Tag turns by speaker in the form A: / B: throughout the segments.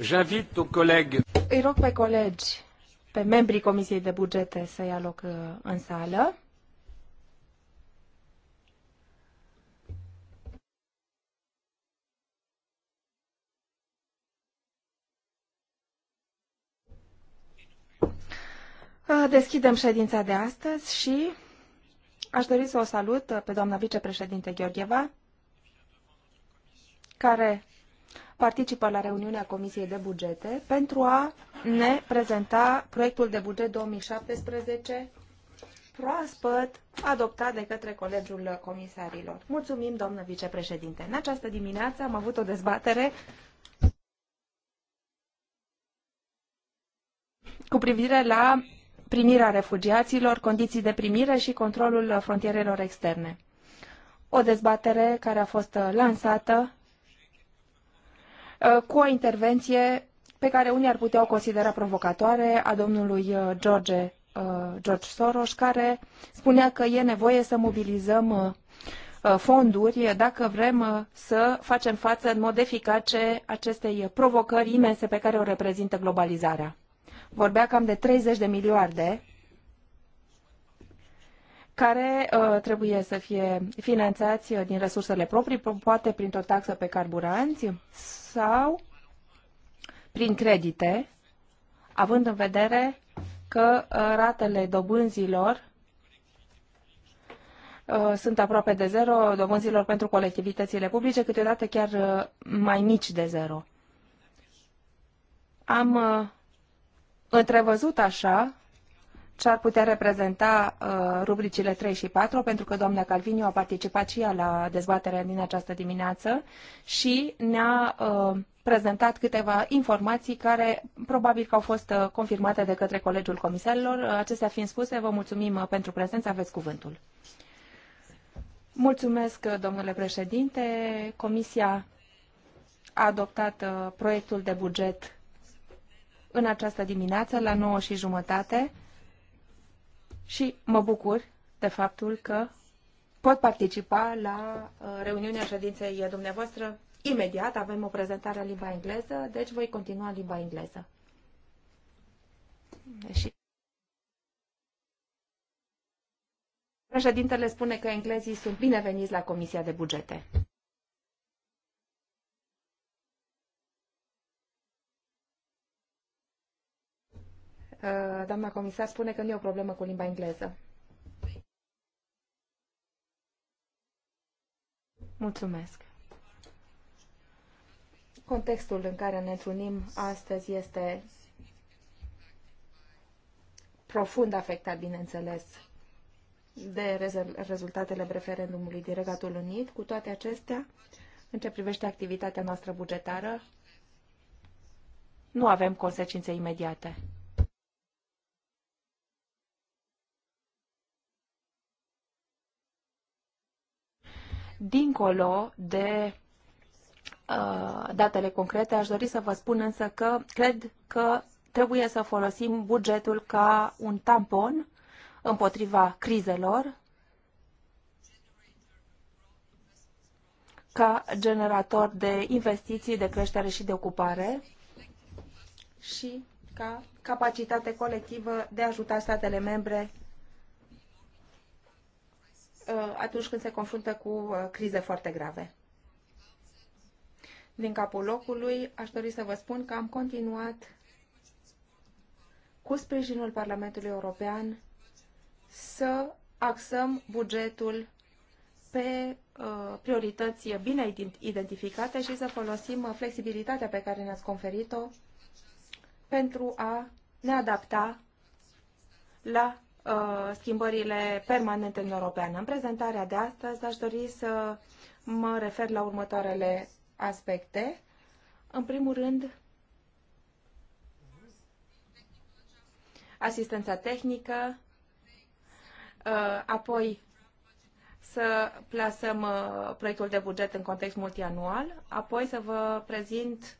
A: Îi
B: rog pe colegi, pe membrii Comisiei de Bugete să ia loc uh, în sală. Uh, deschidem ședința de astăzi și aș dori să o salut uh, pe doamna vicepreședinte Gheorgheva, care participă la reuniunea Comisiei de Bugete pentru a ne prezenta proiectul de buget 2017 proaspăt adoptat de către Colegiul Comisarilor. Mulțumim, doamnă vicepreședinte. În această dimineață am avut o dezbatere cu privire la primirea refugiaților, condiții de primire și controlul frontierelor externe. O dezbatere care a fost lansată Uh, cu o intervenție pe care unii ar putea o considera provocatoare a domnului uh, George, uh, George Soros, care spunea că e nevoie să mobilizăm fonduri dacă vrem să facem față în mod eficace acestei provocări imense pe care o reprezintă globalizarea. Vorbea cam de 30 de miliarde care uh, trebuie să fie finanțați uh, din resursele proprii, poate printr-o taxă pe carburanți sau prin credite, având în vedere că uh, ratele dobânzilor uh, sunt aproape de zero, dobânzilor pentru colectivitățile publice, câteodată chiar mai mici de zero. Am întrevăzut așa ce ar putea reprezenta uh, rubricile 3 și 4, pentru că doamna Calviniu a participat și ea la dezbaterea din această dimineață și ne-a uh, prezentat câteva informații care probabil că au fost uh, confirmate de către Colegiul Comisarilor. Acestea fiind spuse, vă mulțumim pentru prezență, aveți cuvântul. Mulțumesc, domnule președinte. Comisia a adoptat proiectul de buget în această dimineață la 9 și jumătate și mă bucur de faptul că pot participa la uh, reuniunea ședinței dumneavoastră imediat. Avem o prezentare în limba engleză, deci voi continua în limba engleză. Deși... Președintele spune că englezii sunt bineveniți la Comisia de Bugete. Uh, doamna comisar spune că nu e o problemă cu limba engleză. Mulțumesc. Contextul în care ne întâlnim astăzi este profund afectat, bineînțeles, de rezultatele referendumului din Regatul Unit. Cu toate acestea, în ce privește activitatea noastră bugetară, nu avem consecințe imediate. Dincolo de uh, datele concrete, aș dori să vă spun însă că cred că trebuie să folosim bugetul ca un tampon împotriva crizelor, ca generator de investiții, de creștere și de ocupare și ca capacitate colectivă de a ajuta statele membre Uh, atunci când se confruntă cu uh, crize foarte grave. Din capul locului, aș dori să vă spun că am continuat cu sprijinul Parlamentului European să axăm bugetul pe uh, priorități bine identificate și să folosim flexibilitatea pe care ne-ați conferit-o pentru a ne adapta la Uh, schimbările permanente în Europeană. În prezentarea de astăzi aș dori să mă refer la următoarele aspecte. În primul rând, asistența tehnică, uh, apoi să plasăm uh, proiectul de buget în context multianual, apoi să vă prezint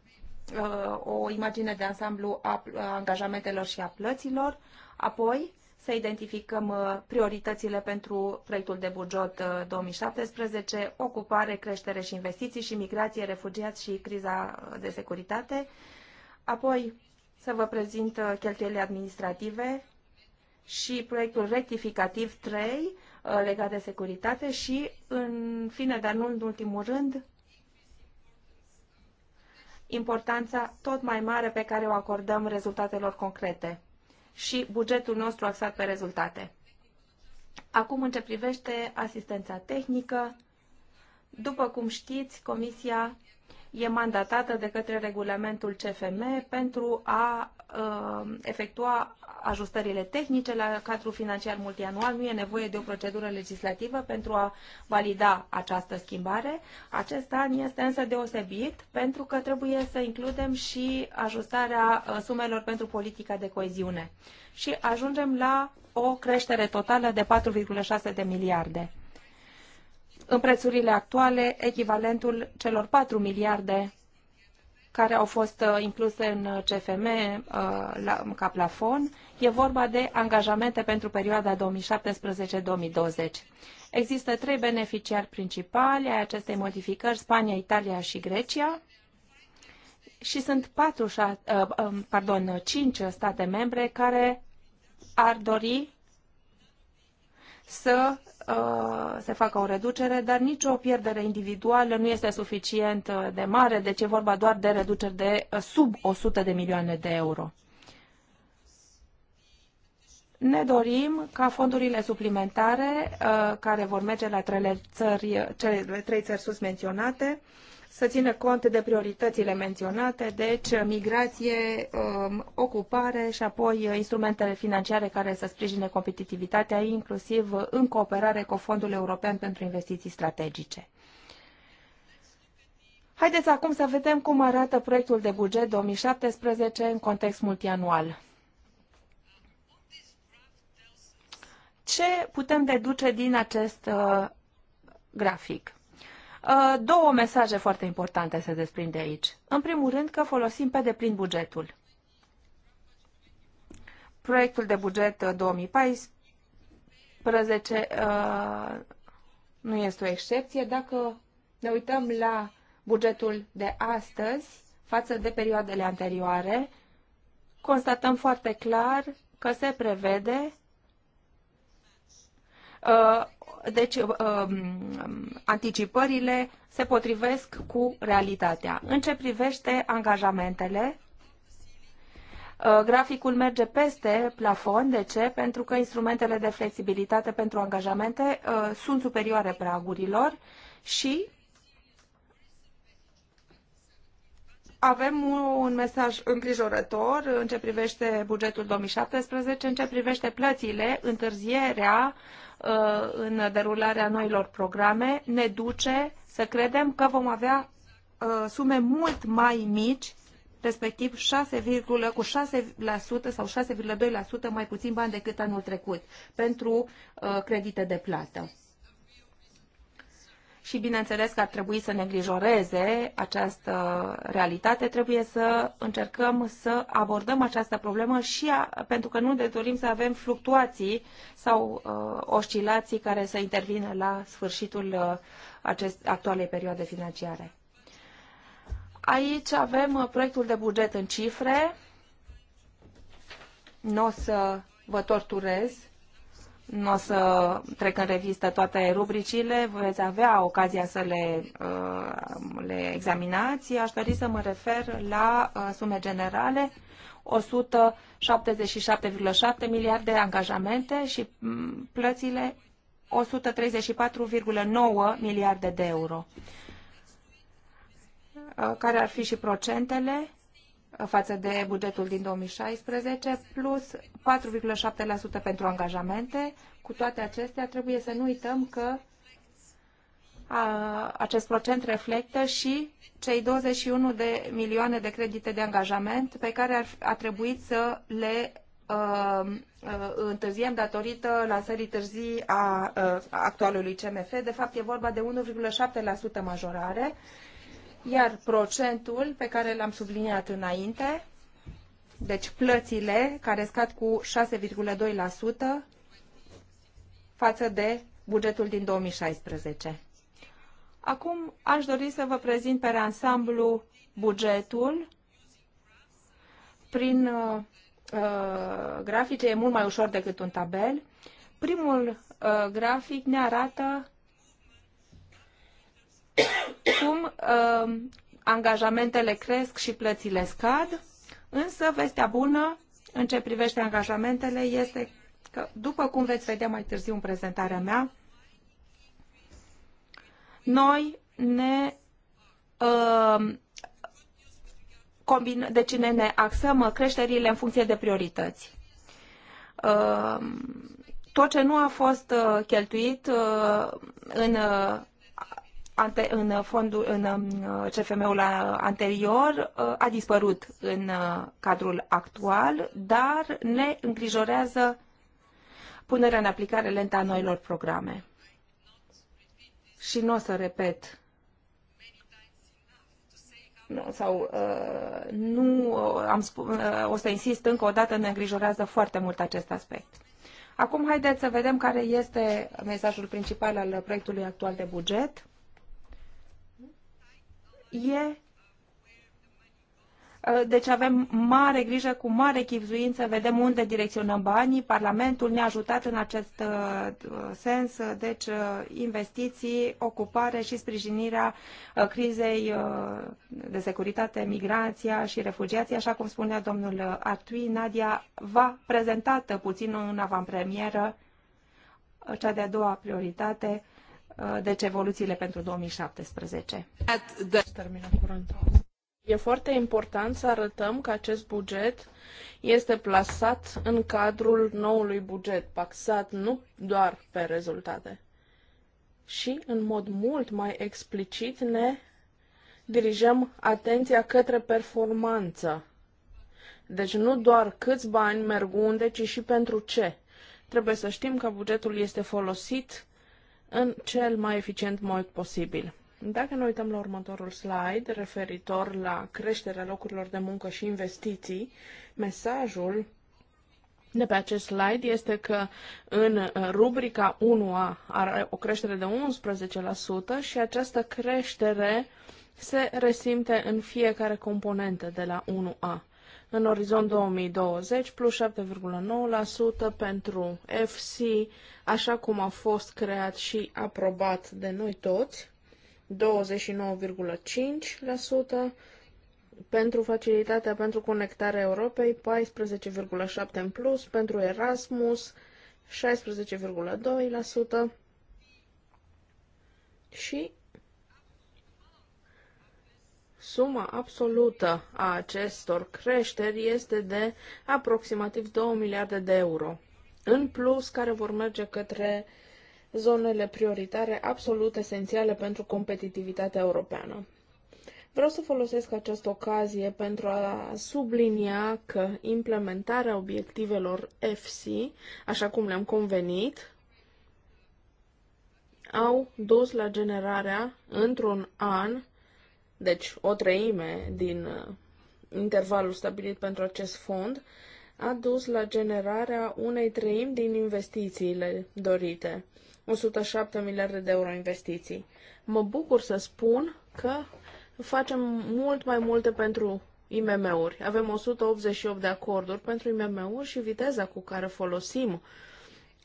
B: o imagine de ansamblu a angajamentelor și a plăților, apoi să identificăm uh, prioritățile pentru proiectul de buget 2017, uh, ocupare, creștere și investiții și migrație, refugiați și criza de securitate. Apoi să vă prezint uh, cheltuielile administrative și proiectul rectificativ 3 legat de securitate și, în fine, dar nu în ultimul rând, importanța tot mai mare pe care o acordăm rezultatelor concrete și bugetul nostru axat pe rezultate. Acum, în ce privește asistența tehnică, după cum știți, Comisia e mandatată de către regulamentul CFM pentru a Uh, efectua ajustările tehnice la cadrul financiar multianual. Nu e nevoie de o procedură legislativă pentru a valida această schimbare. Acest an este însă deosebit pentru că trebuie să includem și ajustarea uh, sumelor pentru politica de coeziune. Și ajungem la o creștere totală de 4,6 de miliarde. În prețurile actuale, echivalentul celor 4 miliarde care au fost uh, incluse în uh, CFM uh, la, ca plafon. E vorba de angajamente pentru perioada 2017-2020. Există trei beneficiari principali ai acestei modificări, Spania, Italia și Grecia. Și sunt patru, um, pardon, cinci state membre care ar dori să uh, se facă o reducere, dar nicio pierdere individuală nu este suficient uh, de mare, deci e vorba doar de reduceri de uh, sub 100 de milioane de euro. Ne dorim ca fondurile suplimentare care vor merge la trele țări, cele trei țări sus menționate să țină cont de prioritățile menționate, deci migrație, um, ocupare și apoi uh, instrumentele financiare care să sprijine competitivitatea, inclusiv uh, în cooperare cu Fondul European pentru Investiții Strategice. Haideți acum să vedem cum arată proiectul de buget 2017 în context multianual. Ce putem deduce din acest uh, grafic? Uh, două mesaje foarte importante se desprind de aici. În primul rând că folosim pe deplin bugetul. Proiectul de buget 2014 uh, uh, nu este o excepție. Dacă ne uităm la bugetul de astăzi față de perioadele anterioare, constatăm foarte clar că se prevede Uh, deci, uh, um, anticipările se potrivesc cu realitatea. În ce privește angajamentele, uh, graficul merge peste plafon. De ce? Pentru că instrumentele de flexibilitate pentru angajamente sunt superioare pragurilor și avem un mesaj îngrijorător în ce privește bugetul 2017, în ce privește plățile, întârzierea uh, în derularea noilor programe ne duce să credem că vom avea uh, sume mult mai mici, respectiv 6, cu 6% sau 6,2% mai puțin bani decât anul trecut pentru uh, credite de plată și bineînțeles că ar trebui să ne îngrijoreze această realitate, trebuie să încercăm să abordăm această problemă și a, pentru că nu ne dorim să avem fluctuații sau uh, oscilații care să intervină la sfârșitul uh, acest, actualei perioade financiare. Aici avem uh, proiectul de buget în cifre. Nu o să vă torturez nu o să trec în revistă toate rubricile, veți avea ocazia să le, uh, le examinați. Aș dori să mă refer la uh, sume generale, 177,7 miliarde de angajamente și mm, plățile 134,9 miliarde de euro. Uh, care ar fi și procentele? față de bugetul din 2016, plus 4,7% pentru angajamente. Cu toate acestea, trebuie să nu uităm că a, acest procent reflectă și cei 21 de milioane de credite de angajament pe care ar, a trebuit să le uh, uh, întârziem datorită lansării târzii a actualului CMF. De fapt, e vorba de 1,7% majorare iar procentul pe care l-am subliniat înainte, deci plățile care scad cu 6,2% față de bugetul din 2016. Acum aș dori să vă prezint pe ansamblu bugetul prin uh, uh, grafice, e mult mai ușor decât un tabel. Primul uh, grafic ne arată cum uh, angajamentele cresc și plățile scad, însă vestea bună în ce privește angajamentele este că, după cum veți vedea mai târziu în prezentarea mea, noi ne uh, combin, deci ne, ne axăm creșterile în funcție de priorități. Uh, tot ce nu a fost uh, cheltuit uh, în uh, ante, în fondul în um, CFM-ul anterior uh, a dispărut în uh, cadrul actual, dar ne îngrijorează punerea în aplicare lentă a noilor programe. Și nu o să repet nu, sau uh, nu uh, am spus, uh, o să insist încă o dată, ne îngrijorează foarte mult acest aspect. Acum haideți să vedem care este mesajul principal al proiectului actual de buget e ă, deci avem mare grijă, cu mare chipzuință, vedem unde direcționăm banii. Parlamentul ne-a ajutat în acest ă, sens, ă, deci investiții, ocupare și sprijinirea crizei de securitate, migrația și refugiații, așa cum spunea domnul Artui, Nadia va prezentată puțin în avantpremieră cea de-a doua prioritate, Uh, deci evoluțiile pentru 2017.
C: Deci, terminăm curând. E foarte important să arătăm că acest buget este plasat în cadrul noului buget, paxat nu doar pe rezultate. Și, în mod mult mai explicit, ne dirijăm atenția către performanță. Deci nu doar câți bani merg unde, ci și pentru ce. Trebuie să știm că bugetul este folosit în cel mai eficient mod posibil. Dacă ne uităm la următorul slide, referitor la creșterea locurilor de muncă și investiții, mesajul de pe acest slide este că în uh, rubrica 1A are o creștere de 11% și această creștere se resimte în fiecare componentă de la 1A în orizont 2020, plus 7,9% pentru FC, așa cum a fost creat și aprobat de noi toți, 29,5% pentru facilitatea pentru conectarea Europei, 14,7% în plus, pentru Erasmus, 16,2% și Suma absolută a acestor creșteri este de aproximativ 2 miliarde de euro, în plus care vor merge către zonele prioritare absolut esențiale pentru competitivitatea europeană. Vreau să folosesc această ocazie pentru a sublinia că implementarea obiectivelor FC, așa cum le-am convenit, au dus la generarea, într-un an, deci o treime din uh, intervalul stabilit pentru acest fond, a dus la generarea unei treimi din investițiile dorite, 107 miliarde de euro investiții. Mă bucur să spun că facem mult mai multe pentru IMM-uri. Avem 188 de acorduri pentru IMM-uri și viteza cu care folosim uh,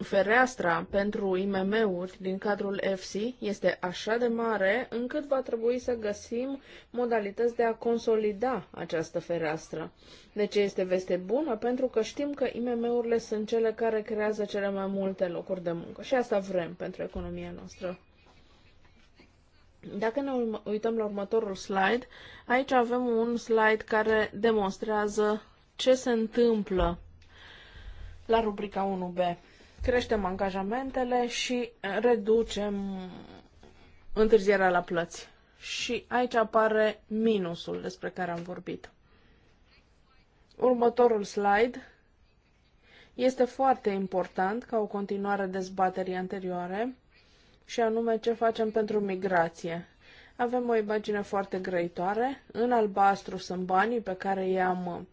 C: fereastra pentru IMM-uri din cadrul EFSI este așa de mare încât va trebui să găsim modalități de a consolida această fereastră. De Deci este veste bună pentru că știm că IMM-urile sunt cele care creează cele mai multe locuri de muncă și asta vrem pentru economia noastră. Dacă ne uităm la următorul slide, aici avem un slide care demonstrează ce se întâmplă la rubrica 1B creștem angajamentele și reducem întârzierea la plăți. Și aici apare minusul despre care am vorbit. Următorul slide este foarte important ca o continuare dezbaterii anterioare și anume ce facem pentru migrație. Avem o imagine foarte grăitoare. În albastru sunt banii pe care i-am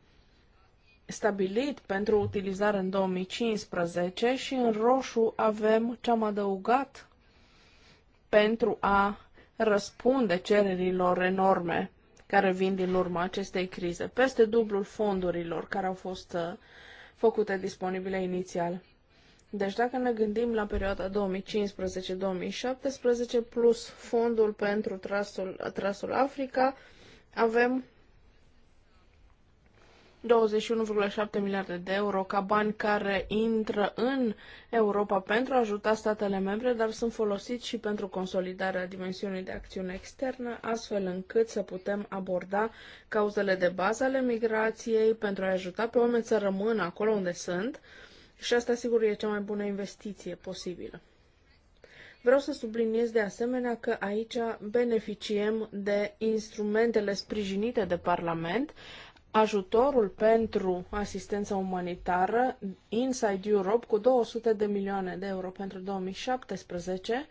C: stabilit pentru utilizare în 2015 și în roșu avem ce am adăugat pentru a răspunde cererilor enorme care vin din urma acestei crize, peste dublul fondurilor care au fost uh, făcute disponibile inițial. Deci dacă ne gândim la perioada 2015-2017 plus fondul pentru trasul, trasul Africa, avem 21,7 miliarde de euro ca bani care intră în Europa pentru a ajuta statele membre, dar sunt folosiți și pentru consolidarea dimensiunii de acțiune externă, astfel încât să putem aborda cauzele de bază ale migrației pentru a ajuta pe oameni să rămână acolo unde sunt și asta sigur e cea mai bună investiție posibilă. Vreau să subliniez de asemenea că aici beneficiem de instrumentele sprijinite de Parlament, ajutorul pentru asistență umanitară Inside Europe cu 200 de milioane de euro pentru 2017.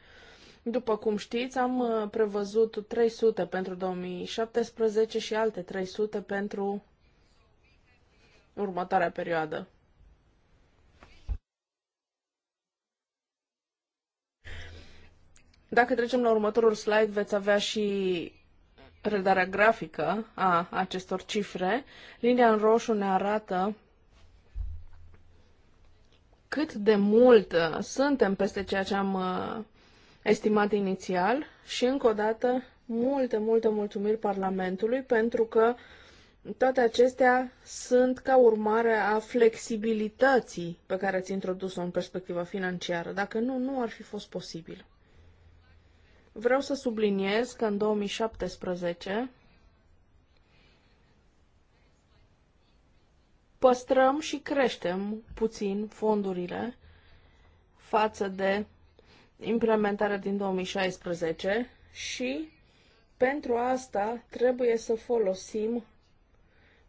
C: După cum știți, am uh, prevăzut 300 pentru 2017 și alte 300 pentru următoarea perioadă. Dacă trecem la următorul slide, veți avea și redarea grafică a acestor cifre, linia în roșu ne arată cât de mult uh, suntem peste ceea ce am uh, estimat inițial și încă o dată multe, multe mulțumiri Parlamentului pentru că toate acestea sunt ca urmare a flexibilității pe care ați introdus-o în perspectiva financiară. Dacă nu, nu ar fi fost posibil. Vreau să subliniez că în 2017 păstrăm și creștem puțin fondurile față de implementarea din 2016 și pentru asta trebuie să folosim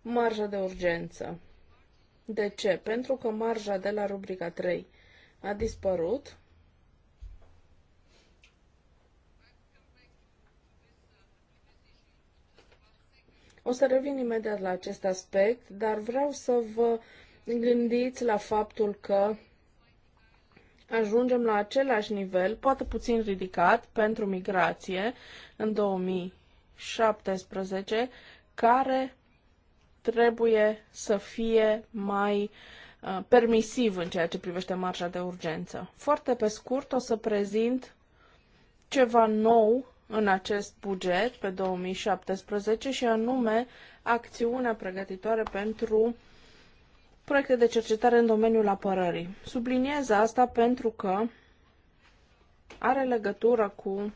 C: marja de urgență. De ce? Pentru că marja de la rubrica 3 a dispărut O să revin imediat la acest aspect, dar vreau să vă gândiți la faptul că ajungem la același nivel, poate puțin ridicat, pentru migrație în 2017, care trebuie să fie mai uh, permisiv în ceea ce privește marja de urgență. Foarte pe scurt o să prezint ceva nou în acest buget pe 2017 și anume acțiunea pregătitoare pentru proiecte de cercetare în domeniul apărării. Subliniez asta pentru că are legătură cu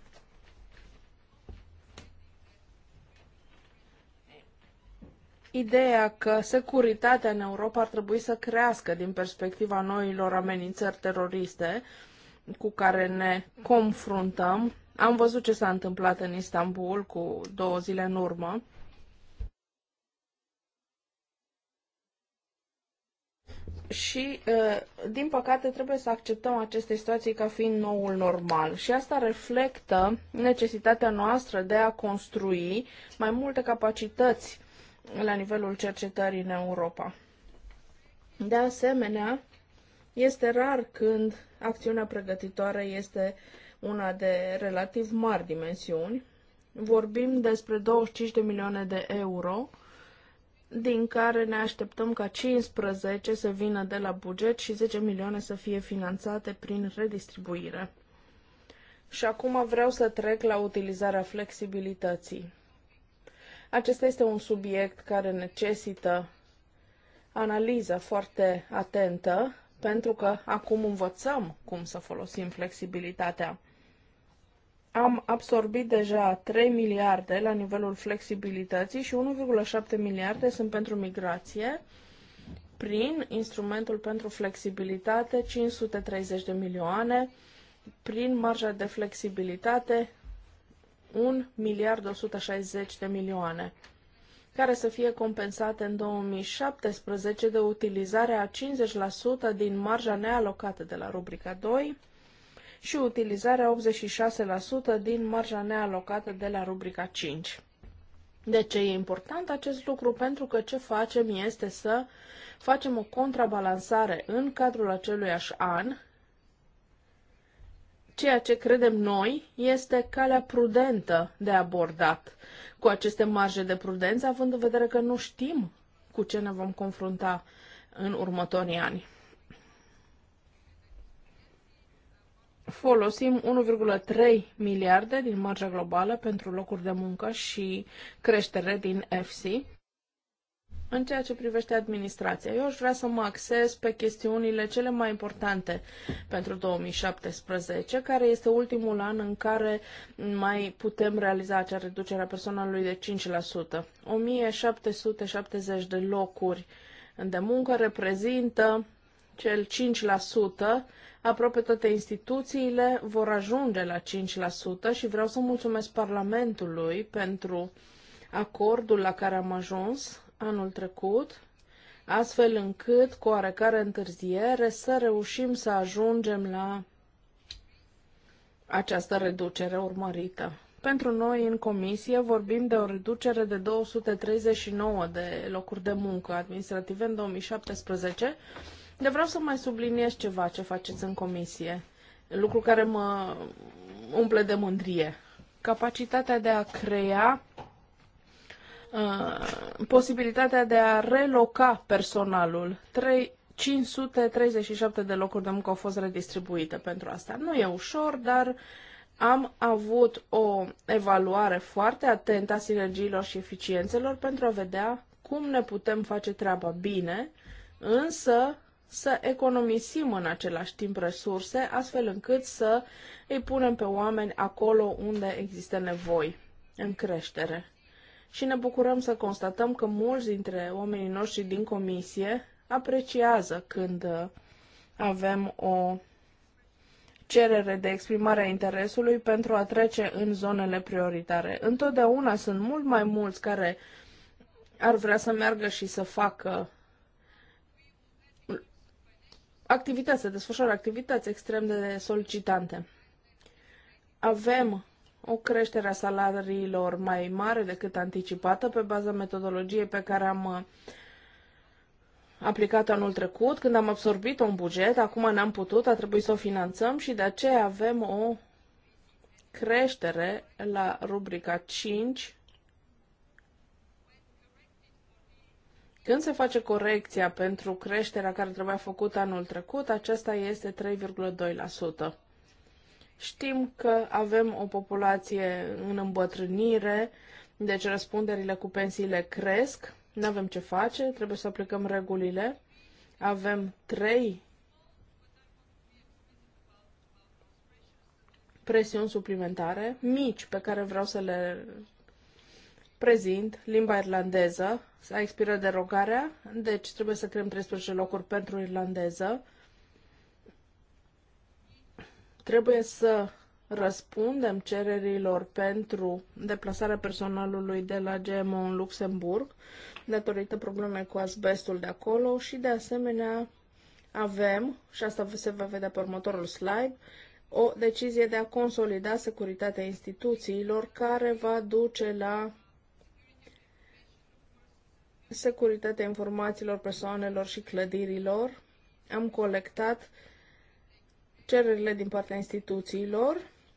C: ideea că securitatea în Europa ar trebui să crească din perspectiva noilor amenințări teroriste cu care ne confruntăm am văzut ce s-a întâmplat în Istanbul cu două zile în urmă. Și, din păcate, trebuie să acceptăm aceste situații ca fiind noul normal. Și asta reflectă necesitatea noastră de a construi mai multe capacități la nivelul cercetării în Europa. De asemenea, este rar când acțiunea pregătitoare este uh, una de relativ mari dimensiuni. Vorbim despre 25 de milioane de euro, din care ne așteptăm ca 15 să vină de la buget și 10 milioane să fie finanțate prin redistribuire. Și acum vreau să trec la utilizarea flexibilității. Acesta este un subiect care necesită analiza foarte atentă, pentru că acum învățăm cum să folosim flexibilitatea am absorbit deja 3 miliarde la nivelul flexibilității și 1,7 miliarde sunt pentru migrație prin instrumentul pentru flexibilitate 530 de milioane, prin marja de flexibilitate 1 miliard 160 de milioane, care să fie compensate în 2017 de utilizarea 50% din marja nealocată de la rubrica 2 și utilizarea 86% din marja nealocată de la rubrica 5. De ce e important acest lucru? Pentru că ce facem este să facem o contrabalansare în cadrul aceluiași an. Ceea ce credem noi este calea prudentă de abordat cu aceste marje de prudență, având în vedere că nu știm cu ce ne vom confrunta în următorii ani. folosim 1,3 miliarde din marja globală pentru locuri de muncă și creștere din FC. În ceea ce privește administrația, eu aș vrea să mă axez pe chestiunile cele mai importante pentru 2017, care este ultimul an în care mai putem realiza acea reducere a personalului de 5%. 1770 de locuri de muncă reprezintă cel 5%, aproape toate instituțiile vor ajunge la 5% și vreau să mulțumesc Parlamentului pentru acordul la care am ajuns anul trecut, astfel încât, cu oarecare întârziere, să reușim să ajungem la această reducere urmărită. Pentru noi, în comisie, vorbim de o reducere de 239 de locuri de muncă administrative în 2017, dar vreau să mai subliniez ceva ce faceți în comisie, lucru care mă umple de mândrie. Capacitatea de a crea uh, posibilitatea de a reloca personalul. 3, 537 de locuri de muncă au fost redistribuite pentru asta. Nu e ușor, dar am avut o evaluare foarte atentă a sinergiilor și eficiențelor pentru a vedea cum ne putem face treaba bine, însă să economisim în același timp resurse, astfel încât să îi punem pe oameni acolo unde există nevoi, în creștere. Și ne bucurăm să constatăm că mulți dintre oamenii noștri din comisie apreciază când uh, avem o cerere de exprimare a interesului pentru a trece în zonele prioritare. Întotdeauna sunt mult mai mulți care ar vrea să meargă și să facă activități, se desfășoară activități extrem de solicitante. Avem o creștere a salariilor mai mare decât anticipată pe baza metodologiei pe care am uh, aplicat anul trecut, când am absorbit un buget, acum n-am putut, a trebuit să o finanțăm și de aceea avem o creștere la rubrica 5 Când se face corecția pentru creșterea care trebuia făcută anul trecut, aceasta este 3,2%. Știm că avem o populație în îmbătrânire, deci răspunderile cu pensiile cresc, nu avem ce face, trebuie să aplicăm regulile. Avem trei presiuni suplimentare, mici, pe care vreau să le prezint limba irlandeză, a expirat derogarea, deci trebuie să creăm 13 locuri pentru irlandeză. Trebuie să răspundem cererilor pentru deplasarea personalului de la GMO în Luxemburg, datorită probleme cu asbestul de acolo și, de asemenea, avem, și asta se va vedea pe următorul slide, o decizie de a consolida securitatea instituțiilor care va duce la securitatea informațiilor persoanelor și clădirilor. Am colectat cererile din partea instituțiilor,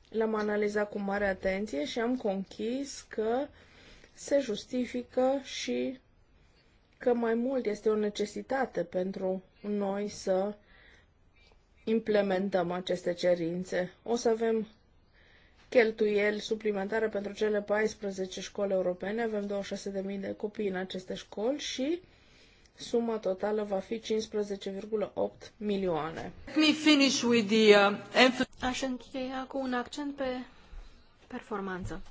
C: le-am analizat cu mare atenție și am conchis că se justifică și că mai mult este o necesitate pentru noi să implementăm aceste cerințe. O să avem cheltuieli suplimentare pentru cele 14 școli europene. Avem 26.000 de copii în aceste școli și suma totală va fi 15,8 milioane.
A: Uh, Aș încheia cu un accent pe performanță.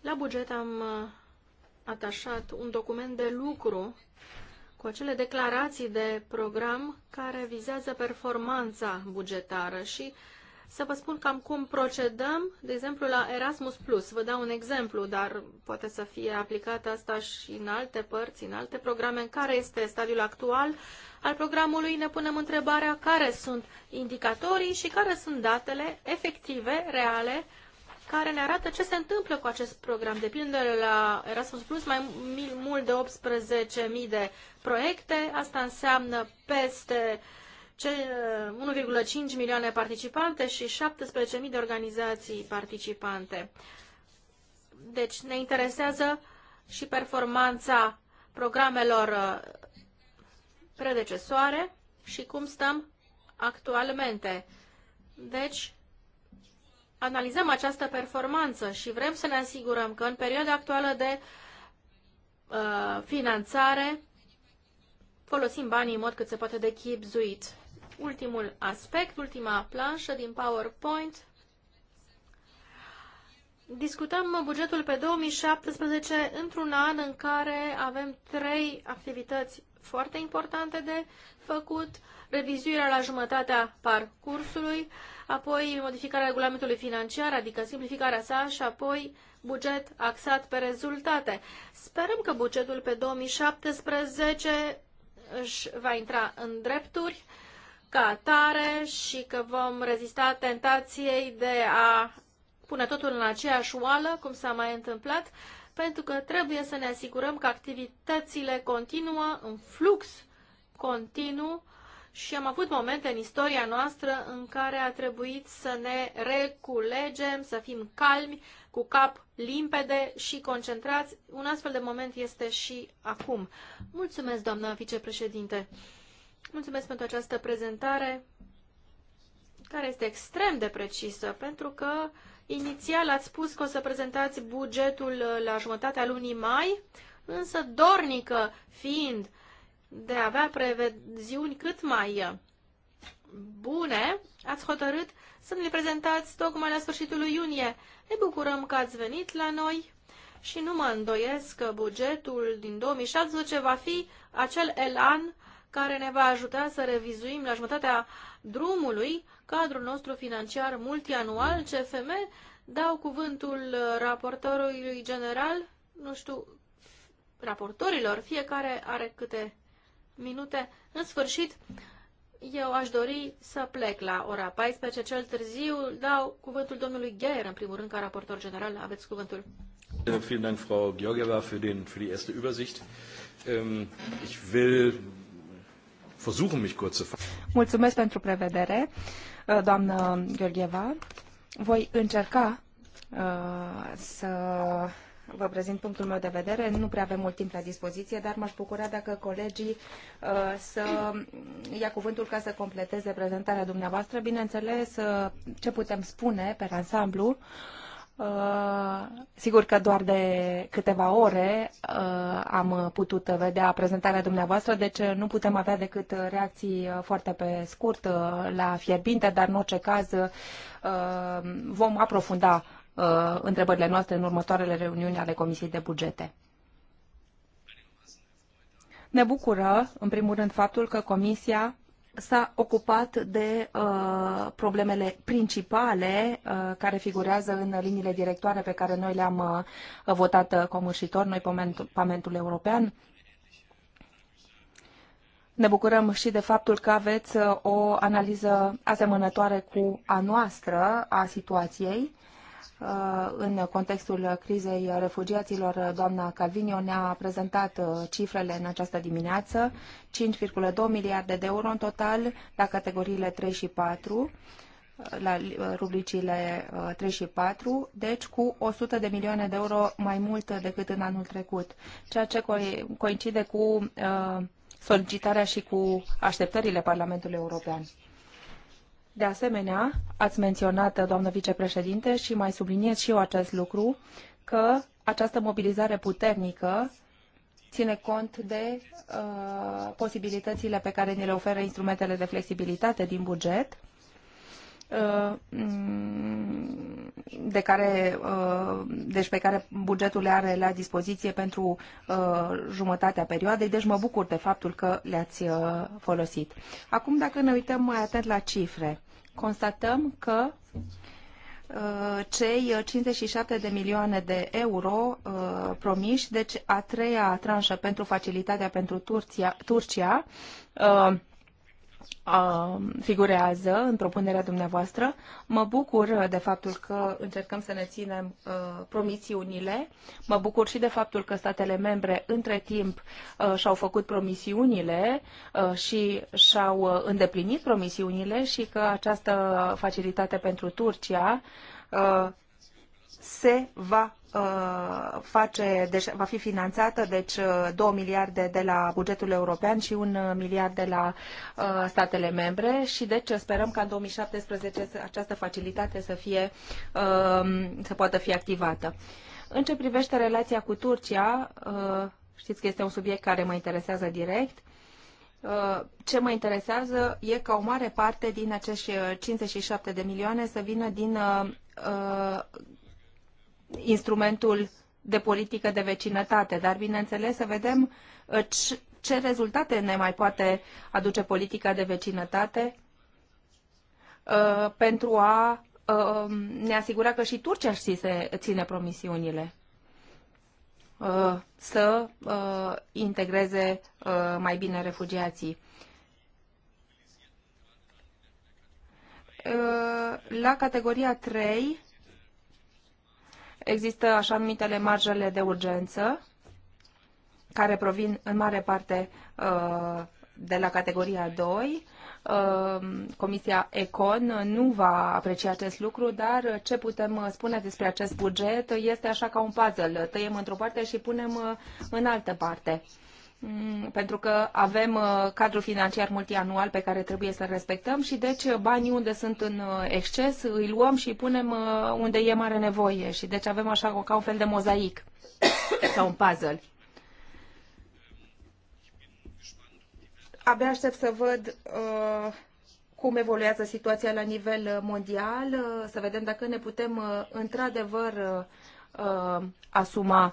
A: La buget am uh, atașat un document de lucru cu acele declarații de program care vizează performanța bugetară și să vă spun cam cum procedăm, de exemplu, la Erasmus+. Plus, Vă dau un exemplu, dar poate să fie aplicat asta și în alte părți, în alte programe. În care este stadiul actual al programului, ne punem întrebarea care sunt indicatorii și care sunt datele efective, reale, care ne arată ce se întâmplă cu acest program. De pildă la Erasmus Plus, mai mult de 18.000 de proiecte, asta înseamnă peste 1,5 milioane participante și 17.000 de organizații participante. Deci ne interesează și performanța programelor uh, predecesoare și cum stăm actualmente. Deci, analizăm această performanță și vrem să ne asigurăm că în perioada actuală de uh, finanțare folosim banii în mod cât se poate de chipzuit ultimul aspect, ultima planșă din PowerPoint. Discutăm bugetul pe 2017 într-un an în care avem trei activități foarte importante de făcut, revizuirea la jumătatea parcursului, apoi modificarea regulamentului financiar, adică simplificarea sa și apoi buget axat pe rezultate. Sperăm că bugetul pe 2017 își va intra în drepturi ca atare și că vom rezista tentației de a pune totul în aceeași oală, cum s-a mai întâmplat, pentru că trebuie să ne asigurăm că activitățile continuă în flux continuu și am avut momente în istoria noastră în care a trebuit să ne reculegem, să fim calmi, cu cap limpede și concentrați. Un astfel de moment este și acum. Mulțumesc, doamna vicepreședinte. Mulțumesc pentru această prezentare, care este extrem de precisă, pentru că inițial ați spus că o să prezentați bugetul uh, la jumătatea lunii mai, însă dornică fiind de a avea preveziuni cât mai uh, bune, ați hotărât să ne prezentați tocmai la sfârșitul lui iunie. Ne bucurăm că ați venit la noi și nu mă îndoiesc că bugetul din 2017 va fi acel elan care ne va ajuta să revizuim la jumătatea drumului cadrul nostru financiar multianual CFM. Dau cuvântul raportorului general, nu știu, raportorilor, fiecare are câte minute. În sfârșit, eu aș dori să plec la ora 14, cel târziu dau cuvântul domnului Geier, în primul rând, ca raportor general. Aveți cuvântul.
B: Vielen Dank, Frau Georgieva, für, den, für die erste Übersicht. Ähm, ich will versuchen mich kurz zu Mulțumesc pentru prevedere, uh, doamnă Gheorgheva. Voi încerca uh, să vă prezint punctul meu de vedere. Nu prea avem mult timp la dispoziție, dar m-aș bucura dacă colegii uh, să ia cuvântul ca să completeze prezentarea dumneavoastră. Bineînțeles, uh, ce putem spune pe ansamblu uh, Uh, sigur că doar de câteva ore uh, am putut vedea prezentarea dumneavoastră, deci uh, nu putem avea decât reacții foarte pe scurt la fierbinte, dar în orice caz vom aprofunda întrebările noastre în următoarele reuniuni ale Comisiei de Bugete. Ne bucură, în primul rând, faptul că Comisia s-a ocupat de uh, problemele principale uh, care figurează în liniile directoare pe care noi le-am uh, votat uh, comârșitor, noi, Parlamentul European. Ne bucurăm și de faptul că aveți uh, o analiză asemănătoare cu a noastră a situației Uh, în contextul crizei refugiaților. Doamna Calvinio ne-a prezentat uh, cifrele în această dimineață, 5,2 miliarde de euro în total la categoriile 3 și 4 uh, la rubricile 3 și 4, deci cu 100 de milioane de euro mai mult decât în anul trecut, ceea ce coincide cu solicitarea și cu așteptările Parlamentului European. De asemenea, ați menționat, doamnă vicepreședinte, și mai subliniez și eu acest lucru, că această mobilizare puternică ține cont de uh, posibilitățile pe care ni le oferă instrumentele de flexibilitate din buget Uh, de care, uh, deci pe care bugetul le are la dispoziție pentru uh, jumătatea perioadei, deci mă bucur de faptul că le-ați folosit. Acum, dacă ne uităm mai atent la cifre, constatăm că cei 57 de milioane de euro promiși, deci a treia tranșă pentru facilitatea pentru Turcia, Turcia figurează în propunerea dumneavoastră. Mă bucur de faptul că încercăm să ne ținem uh, promisiunile. Mă bucur și de faptul că statele membre între timp uh, și-au făcut promisiunile uh, și și-au îndeplinit promisiunile și că această facilitate pentru Turcia se va uh, face, deci va fi finanțată, deci 2 uh, miliarde de la bugetul european și 1 uh, miliard de la uh, statele membre și deci sperăm ca în 2017 această facilitate să fie, uh, să poată fi activată. În ce privește relația cu Turcia, uh, știți că este un subiect care mă interesează direct, ce mă interesează e ca o mare parte din acești 57 de milioane să vină din instrumentul de politică de vecinătate, dar bineînțeles să vedem uh, ce rezultate ne mai poate aduce politica de vecinătate uh, pentru a uh, ne asigura că și Turcia și se ține promisiunile să integreze mai bine refugiații. La categoria 3 Există așa numitele marjele de urgență, care provin în mare parte uh, de la categoria 2. Uh, Comisia Econ nu va aprecia acest lucru, dar ce putem uh, spune despre acest buget este așa ca un puzzle. Tăiem într-o parte și punem în altă parte. Mm, pentru că avem uh, cadru financiar multianual pe care trebuie să-l respectăm și deci banii unde sunt în uh, exces îi luăm și îi punem uh, unde e mare nevoie și deci avem așa ca un fel de mozaic sau un puzzle. Abia aștept să văd uh, cum evoluează situația la nivel mondial, uh, să vedem dacă ne putem uh, într-adevăr uh, asuma uh,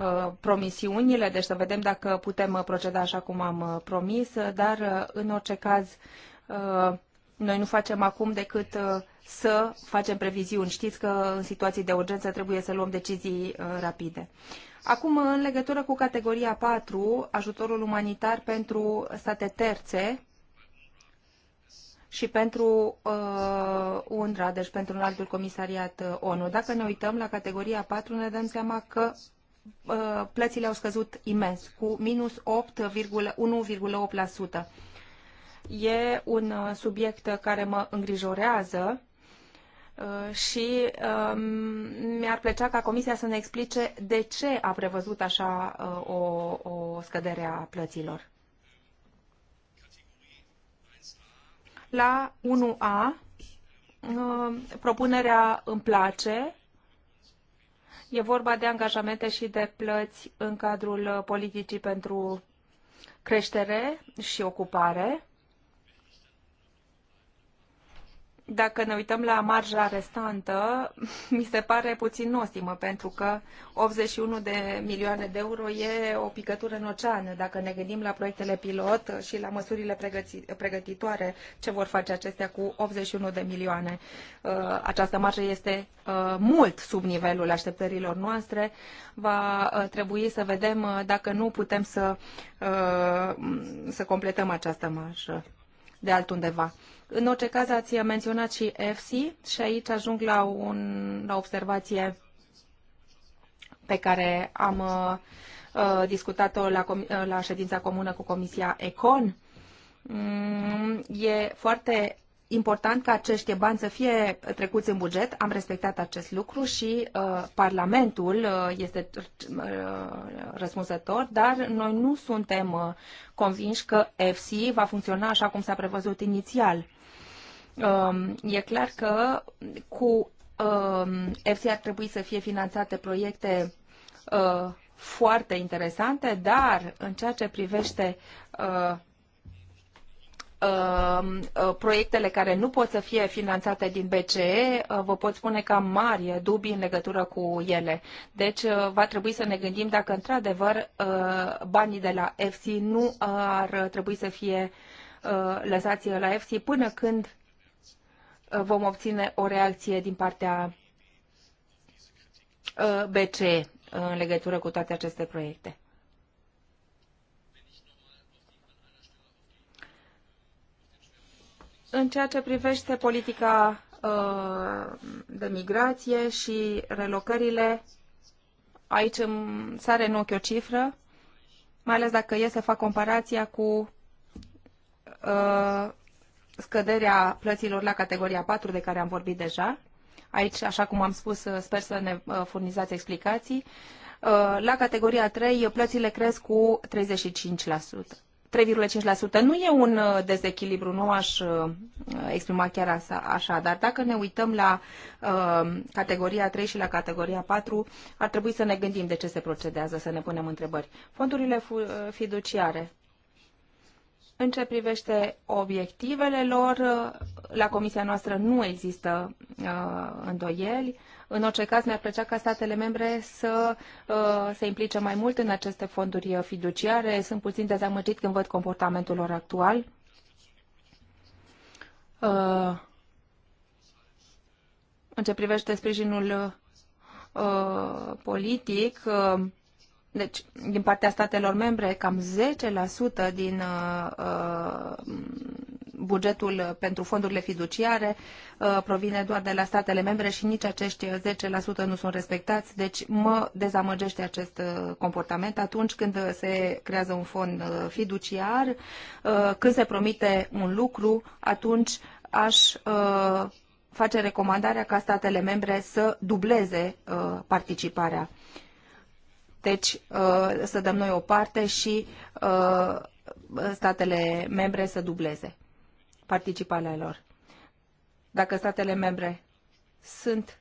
B: Uh, promisiunile, deci să vedem dacă putem uh, proceda așa cum am uh, promis, dar în orice caz noi nu facem acum decât să facem previziuni. Știți că în situații de urgență trebuie să luăm decizii rapide. Acum, în legătură cu categoria 4, ajutorul umanitar pentru state terțe și pentru uh, UNRWA, deci pentru un altul comisariat ONU. Dacă ne uităm la categoria 4, ne dăm seama că Uh, plățile au scăzut imens, cu minus 8,1,8%. E un uh, subiect care mă îngrijorează uh, și um, mi-ar plăcea ca Comisia să ne explice de ce a prevăzut așa o, o scădere a plăților. La 1A, propunerea îmi place, E vorba de angajamente și de plăți în cadrul politicii pentru creștere și ocupare. dacă ne uităm la marja restantă, mi se pare puțin nostimă, pentru că 81 de milioane de euro e o picătură în ocean, dacă ne gândim la proiectele pilot și la măsurile pregătitoare ce vor face acestea cu 81 de milioane. Uh, această marjă este uh, mult sub nivelul așteptărilor noastre. Va uh, trebui să vedem dacă nu putem să, să completăm această marjă de altundeva. În orice caz, ați menționat și EFSI și aici ajung la, un, la observație pe care am uh, uh discutat-o la, uh, la ședința comună cu Comisia ECON. Mm, e foarte important ca acești bani să fie trecuți în buget. Am respectat acest lucru și uh, Parlamentul uh, este uh, răspunzător, dar noi nu suntem uh, convinși că FC va funcționa așa cum s-a prevăzut inițial. Um, e clar că cu EFSI um, ar trebui să fie finanțate proiecte uh, foarte interesante, dar în ceea ce privește uh, um, uh, proiectele care nu pot să fie finanțate din BCE, vă pot spune că am mari dubii în legătură cu ele. Deci va trebui să ne gândim dacă într-adevăr banii de la FC nu ar trebui să fie lăsați la FC până când Uh, vom obține o reacție din partea uh, BCE uh, în legătură cu toate aceste proiecte. În ceea ce privește politica de migrație și relocările, aici îmi sare în ochi o cifră, mai ales dacă e să fac comparația cu scăderea plăților la categoria 4 de care am vorbit deja. Aici, așa cum am spus, uh, sper să ne uh, furnizați explicații. Uh, la categoria 3, plățile cresc cu 35%. 3,5%. Nu e un dezechilibru, nu aș exprima chiar așa, dar dacă ne uităm la categoria 3 și la categoria 4, ar trebui să ne gândim de ce se procedează, să ne punem întrebări. Fondurile fiduciare. În ce privește obiectivele lor, la comisia noastră nu există uh, îndoieli. În orice caz, mi-ar plăcea ca statele membre să uh, se implice mai mult în aceste fonduri fiduciare. Sunt puțin dezamăgit când văd comportamentul lor actual. Uh, în ce privește sprijinul uh, politic, uh, deci, din partea statelor membre, cam 10% din uh, uh, bugetul pentru fondurile fiduciare uh, provine doar de la statele membre și nici acești 10% nu sunt respectați, deci mă dezamăgește acest uh, comportament atunci când se creează un fond uh, fiduciar, uh, când se promite un lucru, atunci aș face recomandarea ca statele membre să dubleze participarea deci uh, să dăm noi o parte și uh, statele membre să dubleze participarea lor. Dacă statele membre sunt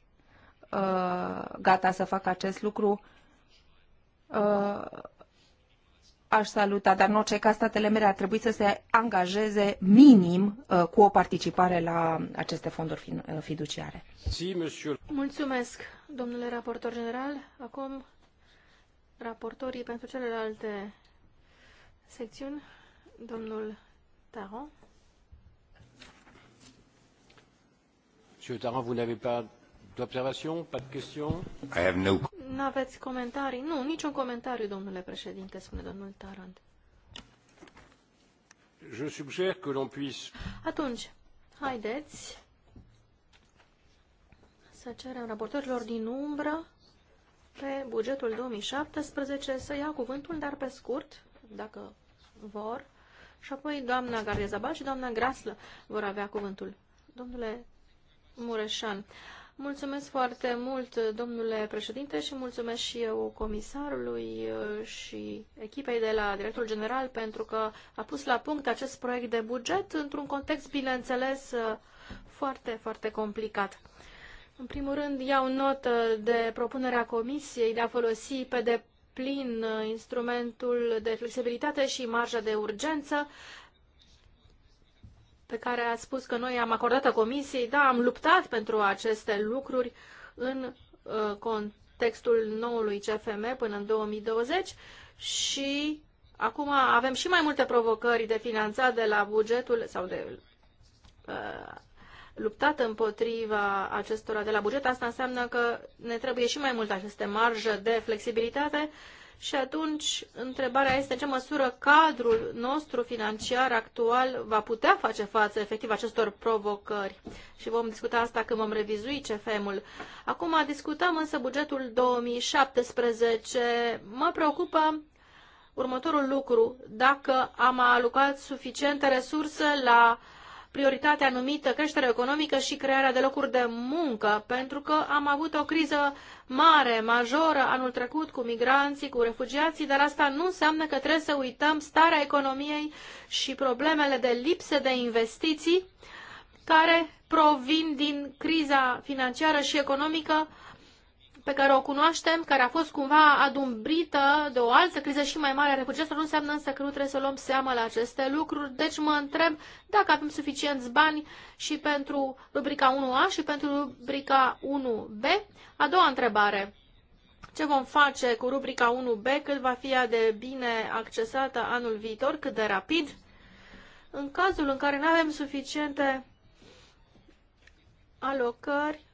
B: uh, gata să facă acest lucru, aș saluta, dar în orice caz statele membre ar trebui să se angajeze minim cu o participare la aceste fonduri fiduciare.
A: Mulțumesc, domnule raportor general. Acum raportorii pentru celelalte secțiuni, domnul Taron.
C: Monsieur Taron, vous n'avez pas d'observation, pas de question I have no...
A: N-aveți comentarii? Nu, niciun comentariu, domnule președinte, spune domnul Tarant.
C: Je suggère que l'on puisse...
A: Atunci, haideți să cerem raportorilor din umbră pe bugetul 2017 să ia cuvântul, dar pe scurt, dacă vor, și apoi doamna Gardezabal și doamna Graslă vor avea cuvântul. Domnule Mureșan, mulțumesc foarte mult, domnule președinte, și mulțumesc și eu comisarului uh, și echipei de la directorul General pentru că a pus la punct acest proiect de buget într-un context, bineînțeles, uh, foarte, foarte complicat. În primul rând, iau notă de propunerea Comisiei de a folosi pe deplin uh, instrumentul de flexibilitate și marja de urgență pe care a spus că noi am acordat-o Comisiei. Da, am luptat pentru aceste lucruri în uh, contextul noului CFM până în 2020 și acum avem și mai multe provocări de finanțat de la bugetul sau de uh, luptat împotriva acestora de la buget, asta înseamnă că ne trebuie și mai mult aceste marjă de flexibilitate și atunci întrebarea este în ce măsură cadrul nostru financiar actual va putea face față efectiv acestor provocări. Și vom discuta asta când vom revizui CFM-ul. Acum discutăm însă bugetul 2017. Mă preocupă următorul lucru, dacă am alocat suficiente resurse la uh, prioritatea numită creșterea economică și crearea de locuri de muncă, pentru că am avut o criză mare, majoră anul trecut cu migranții, cu refugiații, dar asta nu înseamnă că trebuie să uităm starea economiei și problemele de lipsă de investiții care provin din criza financiară și economică pe care o cunoaștem, care a fost cumva adumbrită de o altă criză și mai mare a refugiaților, nu înseamnă însă că nu trebuie să luăm seama la aceste lucruri. Deci mă întreb dacă avem suficienți bani și pentru rubrica 1A și pentru rubrica 1B. A doua întrebare. Ce vom face cu rubrica 1B, cât va fi ea de bine accesată anul viitor, cât de rapid? În cazul în care nu avem suficiente alocări,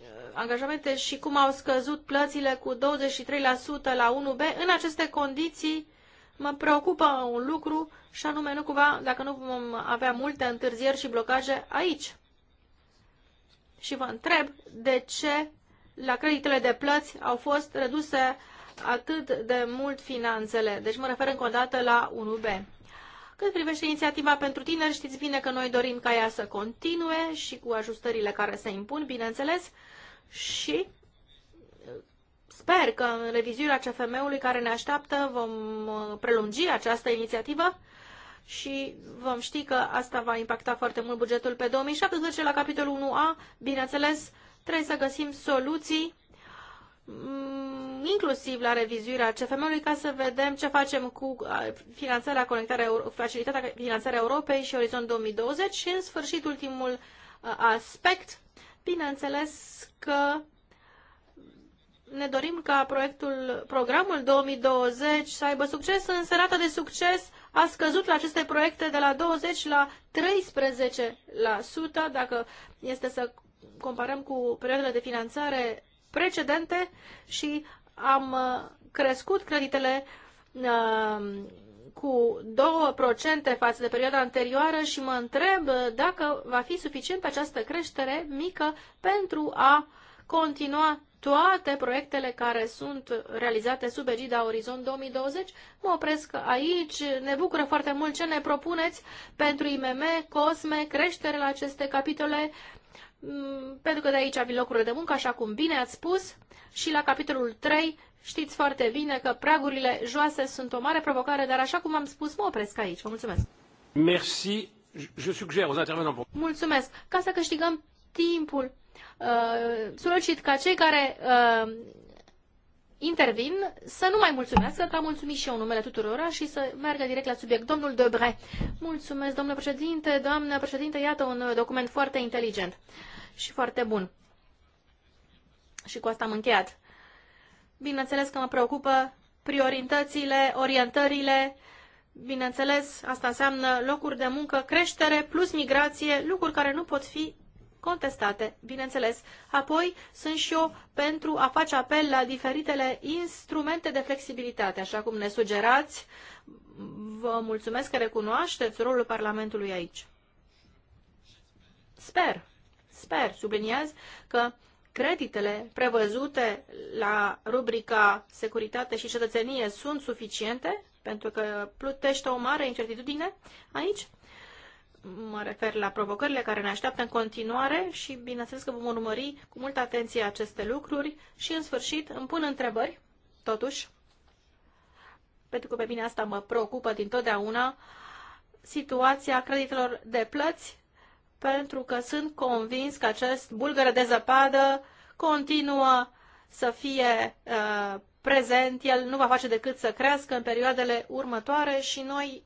A: Uh, angajamente și cum au scăzut plățile cu 23% la 1B, în aceste condiții mă preocupă un lucru și anume nu cumva dacă nu vom avea multe întârzieri și blocaje aici. Și vă întreb de ce la creditele de plăți au fost reduse atât de mult finanțele. Deci mă refer încă o dată la 1B. Cât privește inițiativa pentru tineri, știți bine că noi dorim ca ea să continue și cu ajustările care se impun, bineînțeles, și uh, sper că în revizuirea CFM-ului care ne așteaptă vom uh, prelungi această inițiativă și vom ști că asta va impacta foarte mult bugetul pe 2017 la capitolul 1A. Bineînțeles, trebuie să găsim soluții mm, inclusiv la revizuirea CFM-ului ca să vedem ce facem cu uh, finanțarea conectarea, facilitatea finanțarea Europei și Orizont 2020 și în sfârșit ultimul uh, aspect, bineînțeles că ne dorim ca proiectul, programul 2020 să aibă succes, însă rata de succes a scăzut la aceste proiecte de la 20 la 13%, dacă este să comparăm cu perioadele de finanțare precedente și am uh, crescut creditele uh, cu 2% față de perioada anterioară și mă întreb uh, dacă va fi suficient această creștere mică pentru a continua toate proiectele care sunt realizate sub egida Orizont 2020. Mă opresc aici, ne bucură foarte mult ce ne propuneți pentru IMM, COSME, creștere la aceste capitole, mm, pentru că de aici vin locurile de muncă, așa cum bine ați spus, și la capitolul 3 știți foarte bine că pragurile joase sunt o mare provocare, dar așa cum am spus, mă opresc aici. Vă mulțumesc!
C: Merci. Je suggère aux intervenants.
A: Mulțumesc. Ca să câștigăm timpul, Uh, solicit ca cei care uh, intervin să nu mai mulțumească, că am mulțumit și eu numele tuturora și să meargă direct la subiect. Domnul Debre, mulțumesc, domnule președinte, doamnă președinte, iată un uh, document foarte inteligent și foarte bun. Și cu asta am încheiat. Bineînțeles că mă preocupă prioritățile, orientările, bineînțeles, asta înseamnă locuri de muncă, creștere plus migrație, lucruri care nu pot fi contestate, bineînțeles. Apoi sunt și eu pentru a face apel la diferitele instrumente de flexibilitate, așa cum ne sugerați. Vă mulțumesc că recunoașteți rolul Parlamentului aici. Sper, sper, subliniez că creditele prevăzute la rubrica Securitate și Cetățenie sunt suficiente, pentru că plutește o mare incertitudine aici mă refer la provocările care ne așteaptă în continuare și bineînțeles că vom urmări cu multă atenție aceste lucruri și în sfârșit îmi pun întrebări, totuși, pentru că pe mine asta mă preocupă dintotdeauna, situația creditelor de plăți, pentru că sunt convins că acest bulgăre de zăpadă continuă să fie uh, prezent, el nu va face decât să crească în perioadele următoare și noi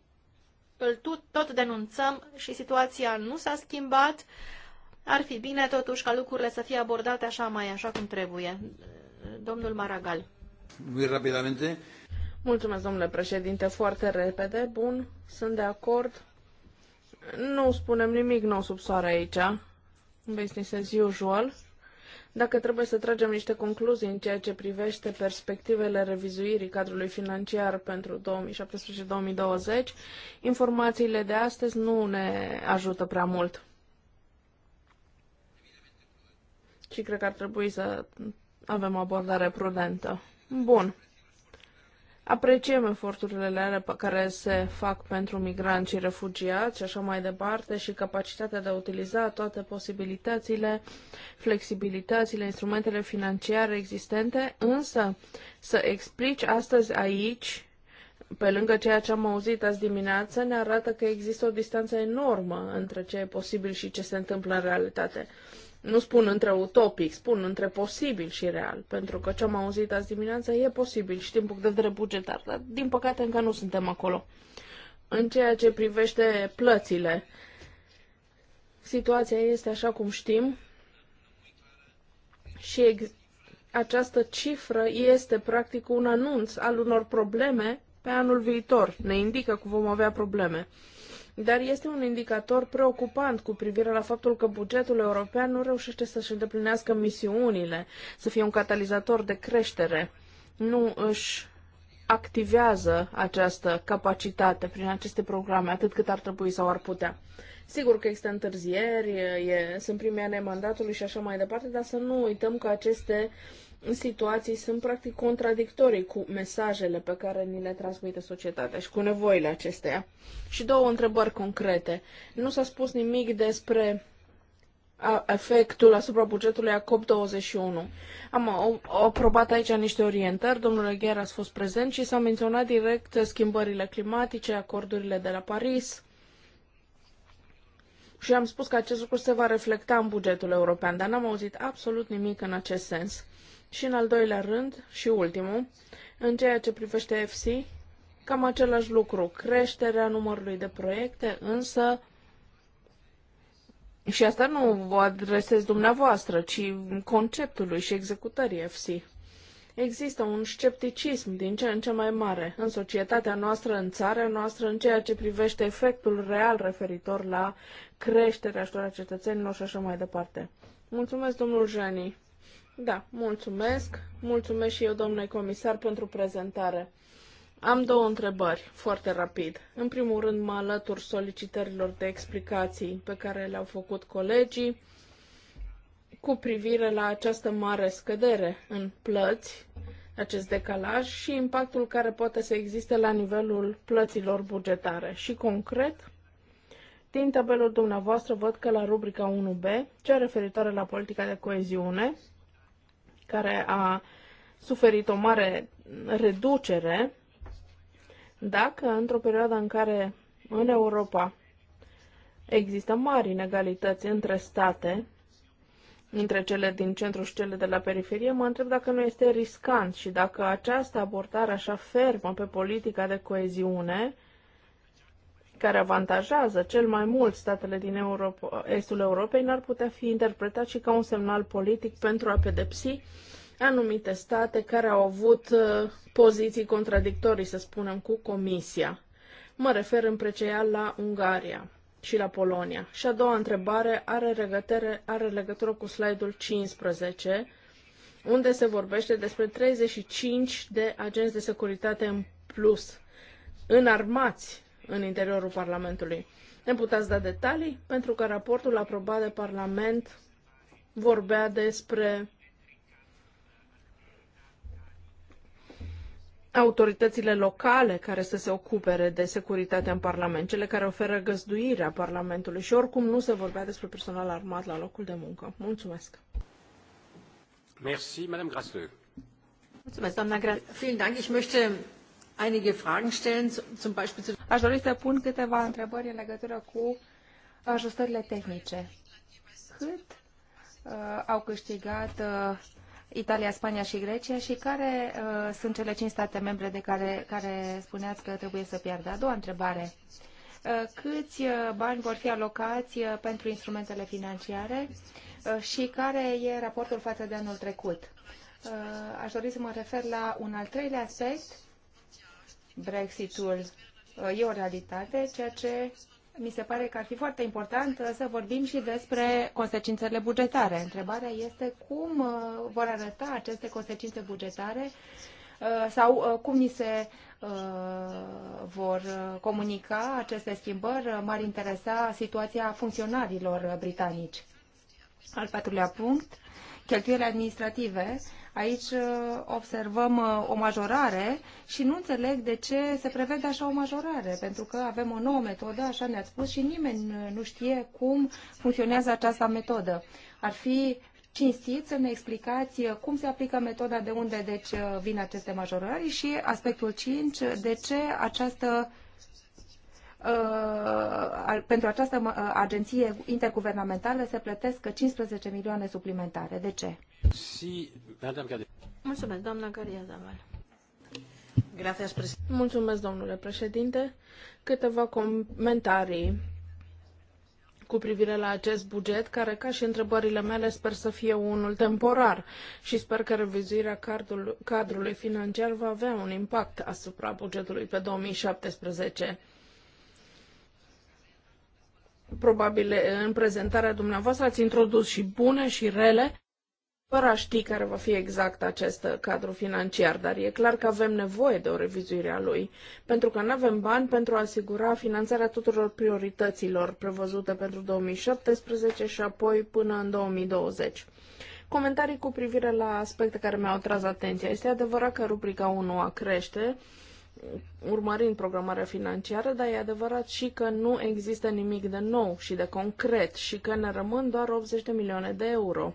A: îl tot, tot denunțăm și situația nu s-a schimbat. Ar fi bine totuși ca lucrurile să fie abordate așa mai așa cum trebuie. Domnul Maragal. Muy rapidamente. Mulțumesc, domnule președinte, foarte repede.
C: Bun, sunt de acord. Nu spunem nimic nou sub soare aici. Business as usual. Dacă trebuie să tragem niște concluzii în ceea ce privește perspectivele revizuirii cadrului financiar pentru 2017-2020, informațiile de astăzi nu ne ajută prea mult. Și cred că ar trebui să avem o abordare prudentă. Bun. Apreciem eforturile pe care se fac pentru migranți și refugiați și așa mai departe și capacitatea de a utiliza toate posibilitățile, flexibilitățile, instrumentele financiare existente, însă să explici astăzi aici, pe lângă ceea ce am auzit azi dimineață, ne arată că există o distanță enormă între ce e posibil și ce se întâmplă în realitate. Nu spun între utopic, spun între posibil și real, pentru că ce am auzit azi dimineața e posibil și din punct de vedere bugetar, dar din păcate încă nu suntem acolo. În ceea ce privește plățile, situația este așa cum știm și această cifră este practic un anunț al unor probleme pe anul viitor. Ne indică că vom avea probleme. Uh, dar este un indicator preocupant cu privire la faptul că bugetul european nu reușește să-și îndeplinească misiunile, să fie un catalizator de creștere. Nu își activează această capacitate prin aceste programe atât cât ar trebui sau ar putea. Sigur că există întârzieri, e, sunt primii ani mandatului și așa mai departe, dar să nu uităm că aceste situații sunt practic contradictorii cu mesajele pe care ni le transmite societatea și cu nevoile acesteia. Și două întrebări concrete. Nu s-a spus nimic despre efectul asupra bugetului a COP21. Am aprobat aici niște orientări, domnul Gher a fost prezent și s-a menționat direct schimbările climatice, acordurile de la Paris, și am spus că acest lucru se va reflecta în bugetul european, dar n-am auzit absolut nimic în acest sens. Și în al doilea rând, și ultimul, în ceea ce privește FC, cam același lucru, creșterea numărului de proiecte, însă și asta nu o adresez dumneavoastră, ci conceptului și executării FC. Există un scepticism din ce în ce mai mare în societatea noastră, în țara noastră, în ceea ce privește efectul real referitor la creșterea ajutorului cetățenilor și așa mai departe. Mulțumesc, domnul Jani. Da, mulțumesc. Mulțumesc și eu, domnule comisar, pentru prezentare. Am două întrebări, foarte rapid. În primul rând, mă alătur solicitărilor de explicații pe care le-au făcut colegii cu privire la această mare scădere în plăți, acest decalaj și impactul care poate să existe la nivelul plăților bugetare. Și concret, din tabelul dumneavoastră văd că la rubrica 1B, cea referitoare la politica de coeziune, care a suferit o mare reducere, dacă într-o perioadă în care în Europa există mari inegalități între state, între cele din centru și cele de la periferie, mă întreb dacă nu este riscant și dacă această abordare așa fermă pe politica de coeziune care avantajează cel mai mult statele din Europa, estul Europei n-ar putea fi interpretat și ca un semnal politic pentru a pedepsi anumite state care au avut uh, poziții contradictorii, să spunem, cu Comisia. Mă refer în preceial la Ungaria și la Polonia. Și a doua întrebare are, regătere, are legătură cu slide-ul 15, unde se vorbește despre 35 de agenți de securitate în plus înarmați în interiorul Parlamentului. Ne puteți da detalii? Pentru că raportul aprobat de Parlament vorbea despre autoritățile locale care să se ocupe de securitatea în Parlament, cele care oferă găzduirea Parlamentului și oricum nu se vorbea despre personal armat la locul de muncă. Mulțumesc!
A: Merci, Madame Grasleu.
C: Mulțumesc, doamna Grasleu. Vielen Dank. Ich möchte einige Fragen stellen, zum Beispiel zu...
B: Aș dori să pun câteva întrebări în legătură cu ajustările tehnice. Cât uh, au câștigat uh, Italia, Spania și Grecia și care uh, sunt cele cinci state membre de care, care spuneați că trebuie să piardă? A doua întrebare. Uh, câți uh, bani vor fi alocați uh, pentru instrumentele financiare și care e raportul față de anul trecut? aș dori să mă refer la un al treilea aspect, Brexitul uh, e o realitate, ceea ce mi se pare că ar fi foarte important uh, să vorbim și despre consecințele bugetare. Întrebarea este cum uh, vor arăta aceste consecințe bugetare sau cum ni se vor comunica aceste schimbări. M-ar interesa situația funcționarilor britanici. Al patrulea punct cheltuielile administrative. Aici uh, observăm uh, o majorare și nu înțeleg de ce se prevede așa o majorare, pentru că avem o nouă metodă, așa ne-ați spus, și nimeni uh, nu știe cum funcționează această metodă. Ar fi cinstit să ne explicați cum se aplică metoda, de unde deci vin aceste majorări și aspectul 5, de ce această Uh, pentru această uh, agenție interguvernamentală se plătesc 15 milioane suplimentare. De ce? Mulțumesc, doamna Garia Zaval. Mulțumesc, domnule președinte.
C: Câteva comentarii cu privire la acest buget, care, ca și întrebările mele, sper să fie unul temporar și sper că revizuirea cadrului financiar va avea un impact asupra bugetului pe 2017. Probabil în prezentarea dumneavoastră ați introdus și bune și rele, fără a ști care va fi exact acest cadru financiar, dar e clar că avem nevoie de o revizuire a lui, pentru că nu avem bani pentru a asigura finanțarea tuturor priorităților prevăzute pentru 2017 și apoi până în 2020. Comentarii cu privire la aspecte care mi-au tras atenția. Este adevărat că rubrica 1 a crește, urmărind programarea financiară, dar e adevărat și că nu există nimic de nou și de concret și că ne rămân doar 80 de milioane de euro.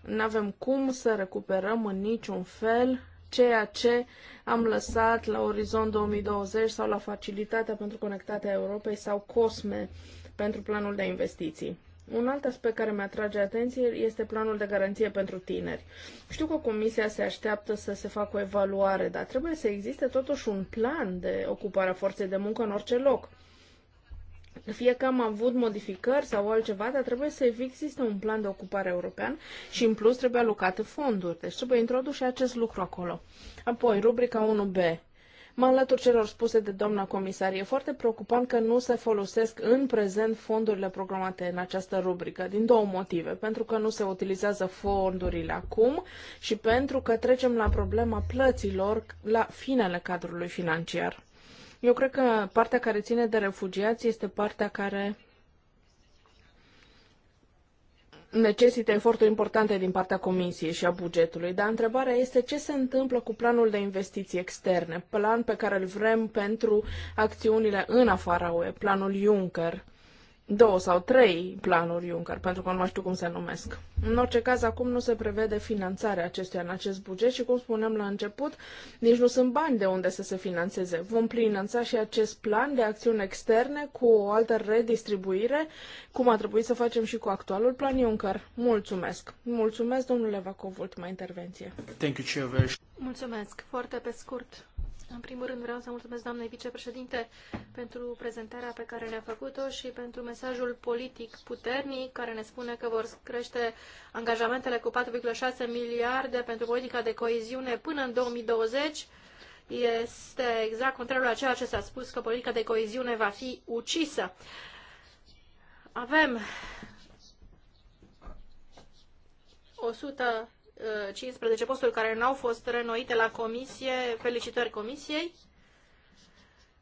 C: Nu avem cum să recuperăm în niciun fel ceea ce am lăsat la Orizont 2020 sau la Facilitatea pentru Conectatea Europei sau COSME pentru planul de investiții. Un alt aspect care mi-atrage atenție este planul de garanție pentru tineri. Știu că comisia se așteaptă să se facă o evaluare, dar trebuie să existe totuși un plan de ocupare a forței de muncă în orice loc. Fie că am avut modificări sau altceva, dar trebuie să existe un plan de ocupare european și în plus trebuie alocate fonduri. Deci trebuie introdus și acest lucru acolo. Apoi, rubrica 1B. Mă alătur celor spuse de doamna comisar. E foarte preocupant că nu se folosesc în prezent fondurile programate în această rubrică, din două motive. Pentru că nu se utilizează fondurile acum și pentru că trecem la problema plăților la finele cadrului financiar. Eu cred că partea care ține de refugiați este partea care necesită eforturi importante din partea Comisiei și a bugetului, dar întrebarea este ce se întâmplă cu planul de investiții externe, plan pe care îl vrem pentru acțiunile în afara UE, planul Juncker două sau trei planuri Juncker, pentru că nu mai știu cum se numesc. În orice caz, acum nu se prevede finanțarea acestuia în acest buget și, cum spuneam la început, nici nu sunt bani de unde să se finanțeze. Vom finanța și acest plan de acțiuni externe cu o altă redistribuire, cum a trebuit să facem și cu actualul plan Juncker. Mulțumesc! Mulțumesc, domnule Vacov, ultima intervenție.
B: Thank you,
A: Mulțumesc! Foarte pe scurt. În primul rând vreau să mulțumesc doamnei vicepreședinte pentru prezentarea pe care ne-a făcut-o și pentru mesajul politic puternic care ne spune că vor crește angajamentele cu 4,6 miliarde pentru politica de coeziune până în 2020. Este exact contrarul a ceea ce s-a spus că politica de coeziune va fi ucisă. Avem 100 15 posturi care nu au fost renoite la comisie. Felicitări comisiei.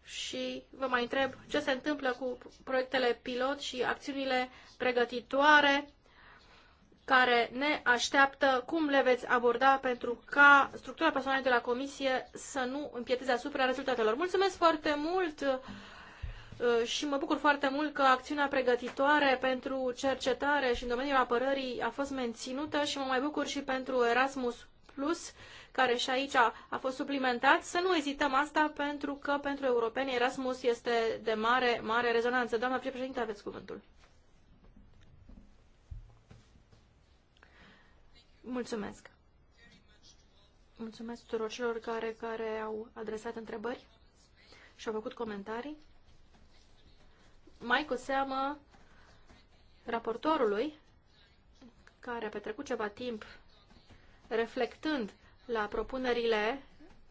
A: Și vă mai întreb ce se întâmplă cu proiectele pilot și acțiunile pregătitoare care ne așteaptă, cum le veți aborda pentru ca structura personală de la comisie să nu împieteze asupra rezultatelor. Mulțumesc foarte mult! Uh, și mă bucur foarte mult că acțiunea pregătitoare pentru cercetare și în domeniul apărării a fost menținută și mă mai bucur și pentru Erasmus Plus, care și aici a, a fost suplimentat. Să nu ezităm asta pentru că pentru europeni Erasmus este de mare, mare rezonanță. Doamna președinte, aveți cuvântul. Mulțumesc. Mulțumesc tuturor celor care, care au adresat întrebări și au făcut comentarii mai cu seamă raportorului, care a petrecut ceva timp reflectând la propunerile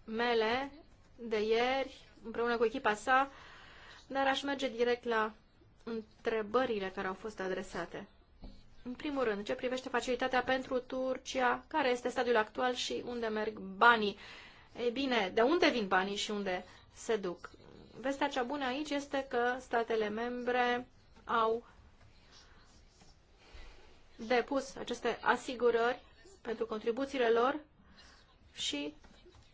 A: mele de ieri, împreună cu echipa sa, dar aș merge direct la întrebările care au fost adresate. În primul rând, ce privește facilitatea pentru Turcia, care este stadiul actual și unde merg banii? Ei bine, de unde vin banii și unde se duc? Vestea cea bună aici este că statele membre au depus aceste asigurări pentru contribuțiile lor și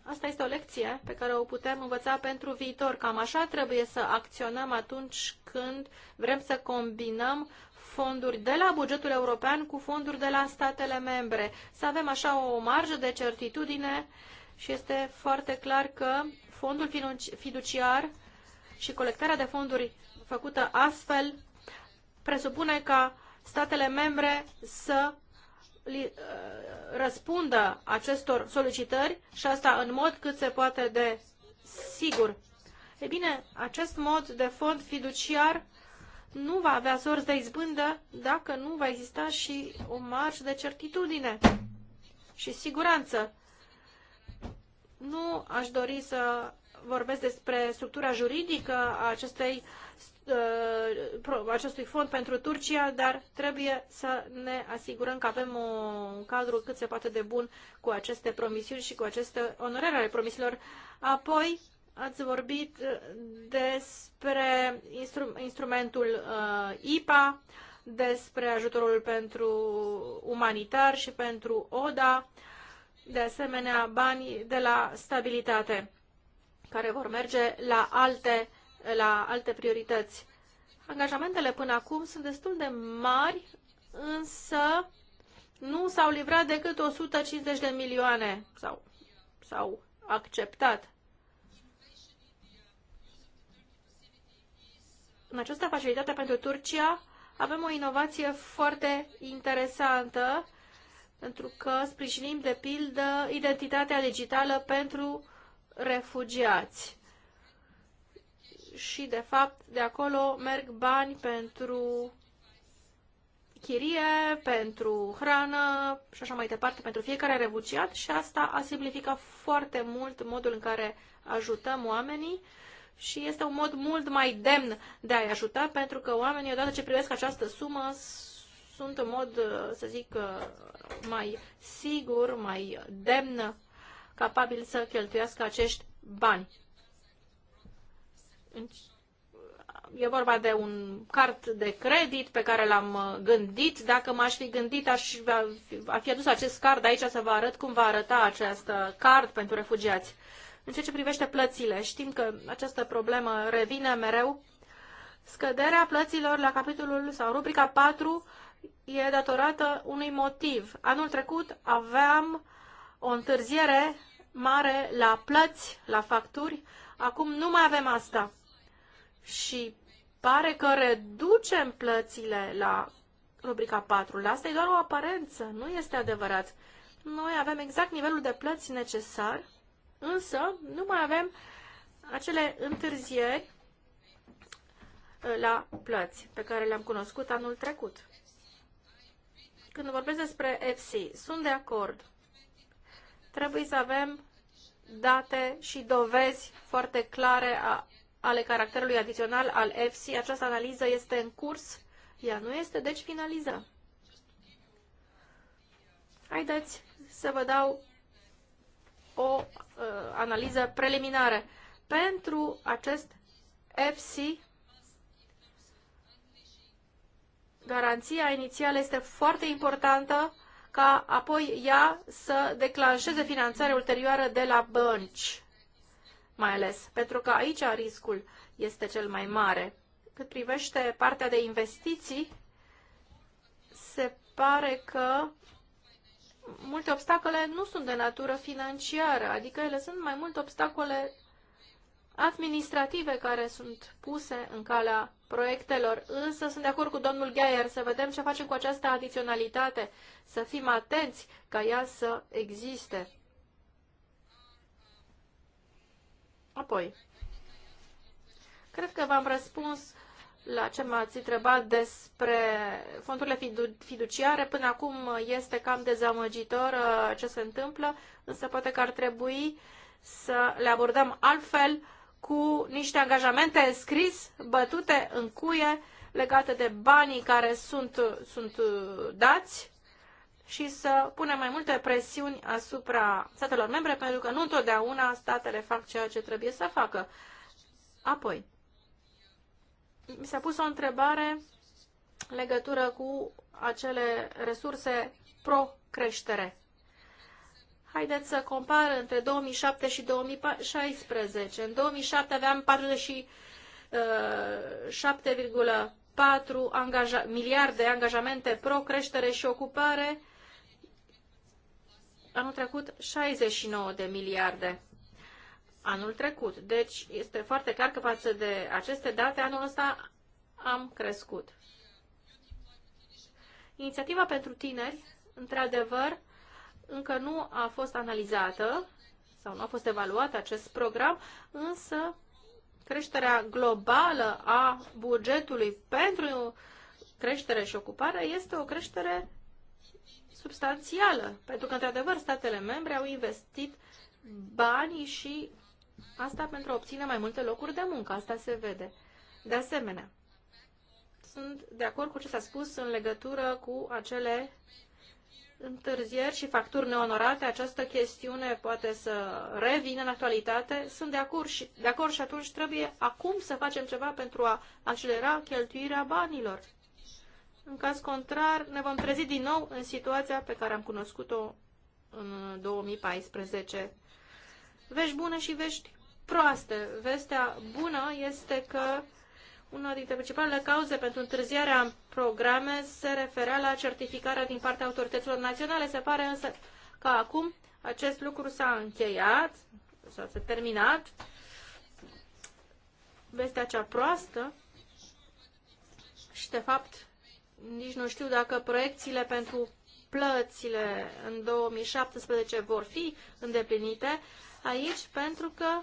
A: asta este o lecție pe care o putem învăța pentru viitor. Cam așa trebuie să acționăm atunci când vrem să combinăm fonduri de la bugetul european cu fonduri de la statele membre. Să avem așa o marjă de certitudine și este foarte clar că fondul fiduciar și colectarea de fonduri făcută astfel presupune ca statele membre să uh, răspundă acestor solicitări și asta în mod cât se poate de sigur. E bine, acest mod de fond fiduciar nu va avea sorți de izbândă dacă nu va exista și o marș de certitudine și siguranță. Nu aș dori să vorbesc despre structura juridică a acestei, uh, acestui fond pentru Turcia, dar trebuie să ne asigurăm că avem un cadru cât se poate de bun cu aceste promisiuni și cu aceste onorare ale promisiilor. Apoi, ați vorbit despre instru- instrumentul uh, IPA, despre ajutorul pentru umanitar și pentru ODA, de asemenea bani de la stabilitate care vor merge la alte, la alte priorități. Angajamentele până acum sunt destul de mari, însă nu s-au livrat decât 150 de milioane sau s-au acceptat. În această facilitate pentru Turcia avem o inovație foarte interesantă pentru că sprijinim de pildă identitatea digitală pentru refugiați. Și, de fapt, de acolo merg bani pentru chirie, pentru hrană și așa mai departe, pentru fiecare refugiat și asta a simplificat foarte mult modul în care ajutăm oamenii și este un mod mult mai demn de a-i ajuta pentru că oamenii, odată ce privesc această sumă, sunt în mod, să zic, mai sigur, mai demn capabil să cheltuiască acești bani. E vorba de un card de credit pe care l-am uh, gândit. Dacă m-aș fi gândit, aș a fi adus acest card aici să vă arăt cum va arăta această card pentru refugiați. În ceea ce privește plățile, știm că această problemă revine mereu. Scăderea plăților la capitolul sau rubrica 4 e datorată unui motiv. Anul trecut aveam o întârziere mare la plăți, la facturi. Acum nu mai avem asta. Și pare că reducem plățile la rubrica 4. La asta e doar o aparență, nu este adevărat. Noi avem exact nivelul de plăți necesar, însă nu mai avem acele întârzieri uh, la plăți pe care le-am cunoscut anul trecut. Când vorbesc despre FC, sunt de acord trebuie să avem date și dovezi foarte clare a, ale caracterului adițional al EFSI. Această analiză este în curs, ea nu este, deci finaliză. Haideți să vă dau o uh, analiză preliminară. Pentru acest EFSI, garanția inițială este foarte importantă ca apoi ea să declanșeze finanțare ulterioară de la bănci, mai ales, pentru că aici riscul este cel mai mare. Cât privește partea de investiții, se pare că multe obstacole nu sunt de natură financiară, adică ele sunt mai mult obstacole administrative care sunt puse în calea proiectelor. Însă sunt de acord cu domnul Geier să vedem ce facem cu această adiționalitate, să fim atenți ca ea să existe. Apoi, cred că v-am răspuns la ce m-ați întrebat despre fondurile fidu fiduciare. Până acum este cam dezamăgitor uh, ce se întâmplă, însă poate că ar trebui să le abordăm altfel cu niște angajamente scris, bătute în cuie, legate de banii care sunt, sunt uh, dați și să punem mai multe presiuni asupra statelor membre, pentru că nu întotdeauna statele fac ceea ce trebuie să facă. Apoi, mi s-a pus o întrebare legătură cu acele resurse pro-creștere. Haideți să compar între 2007 și 2016. În 2007 aveam 47,4 uh, angaja- miliarde angajamente pro-creștere și ocupare. Anul trecut 69 de miliarde anul trecut. Deci este foarte clar că față de aceste date, anul ăsta am crescut. Inițiativa pentru tineri, într-adevăr, încă nu a fost analizată sau nu a fost evaluat acest program, însă creșterea globală a bugetului pentru creștere și ocupare este o creștere substanțială, pentru că, într-adevăr, statele membre au investit banii și asta pentru a obține mai multe locuri de muncă. Asta se vede. De asemenea, sunt de acord cu ce s-a spus în legătură cu acele întârzieri și facturi neonorate, această chestiune poate să revină în actualitate. Sunt de acord, și, de acord și atunci trebuie acum să facem ceva pentru a accelera cheltuirea banilor. În caz contrar, ne vom trezi din nou în situația pe care am cunoscut-o în 2014. Vești bune și vești proaste. Vestea bună este că una dintre principalele cauze pentru întârzierea în programe se referea la certificarea din partea autorităților naționale. Se pare însă că acum acest lucru s-a încheiat, s-a terminat. Vestea cea proastă și, de fapt, nici nu știu dacă proiecțiile pentru plățile în 2017 vor fi îndeplinite aici, pentru că,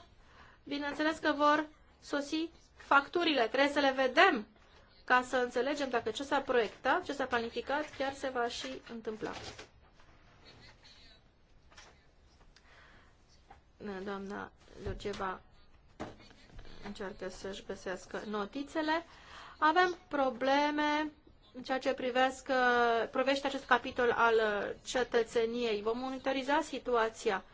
A: bineînțeles că vor sosi facturile, trebuie să le vedem ca să înțelegem dacă ce s-a proiectat, ce s-a planificat, chiar se va și întâmpla. Doamna Lugeva încearcă să-și găsească notițele. Avem probleme în ceea ce privesc, uh, privește acest capitol al uh, cetățeniei. Vom monitoriza situația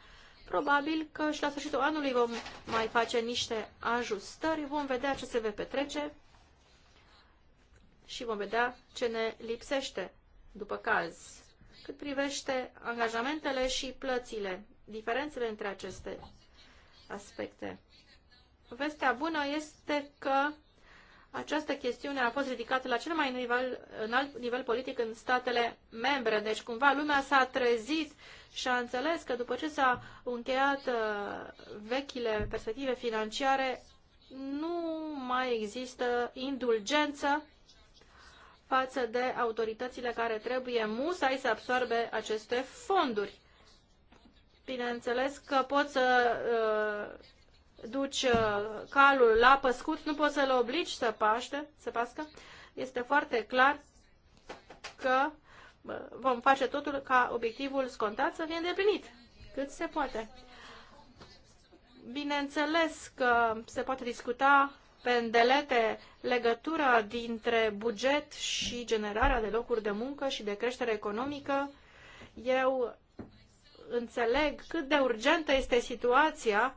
A: Probabil că și la sfârșitul anului vom mai face niște ajustări, vom vedea ce se va petrece și vom vedea ce ne lipsește după caz. Cât privește angajamentele și plățile, diferențele între aceste aspecte. Vestea bună este că această chestiune a fost ridicată la cel mai nivel, înalt nivel politic în statele membre. Deci, cumva, lumea s-a trezit și a înțeles că după ce s-a încheiat uh, vechile perspective financiare, nu mai există indulgență față de autoritățile care trebuie musai să absorbe aceste fonduri. Bineînțeles că pot să uh, duci uh, calul la păscut, nu poți să-l obligi să paște, să pască. Este foarte clar că uh, vom face totul ca obiectivul scontat să fie îndeplinit cât se poate. Bineînțeles că se poate discuta pe îndelete legătura dintre buget și generarea de locuri de muncă și de creștere economică. Eu înțeleg cât de urgentă este situația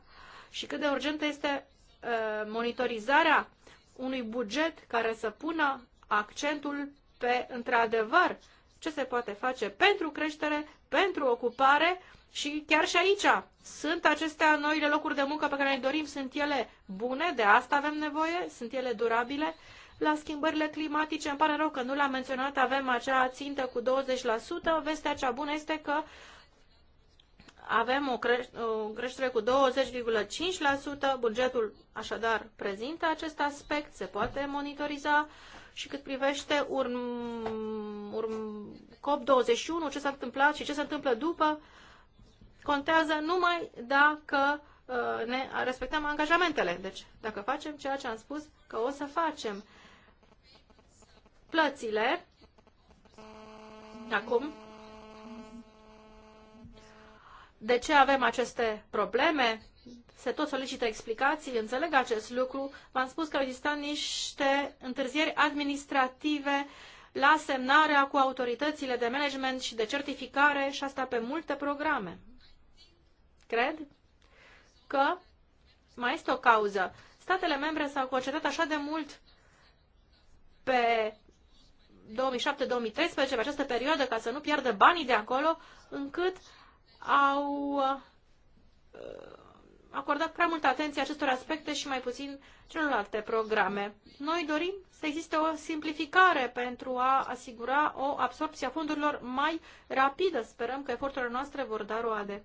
A: și cât de urgentă este uh, monitorizarea unui buget care să pună accentul pe, într-adevăr, ce se poate face pentru creștere, pentru ocupare și chiar și aici sunt acestea noile locuri de muncă pe care ne dorim, sunt ele bune, de asta avem nevoie, sunt ele durabile. La schimbările climatice, îmi pare rău că nu l-am menționat, avem acea țintă cu 20%. Vestea cea bună este că avem o, creș- o creștere cu 20,5%, bugetul așadar prezintă acest aspect, se poate monitoriza și cât privește urm, urm, COP21, ce s-a întâmplat și ce se întâmplă după, contează numai dacă uh, ne respectăm angajamentele. Deci, dacă facem ceea ce am spus că o să facem. Plățile, acum, de ce avem aceste probleme? Se tot solicită explicații, înțeleg acest lucru. V-am spus că au existat niște întârzieri administrative la semnarea cu autoritățile de management și de certificare și asta pe multe programe. Cred că mai este o cauză. Statele membre s-au concentrat așa de mult pe 2007-2013, pe această perioadă, ca să nu piardă banii de acolo, încât au uh, acordat prea multă atenție acestor aspecte și mai puțin celorlalte programe. Noi dorim să existe o simplificare pentru a asigura o absorpție a fondurilor mai rapidă. Sperăm că eforturile noastre vor da roade.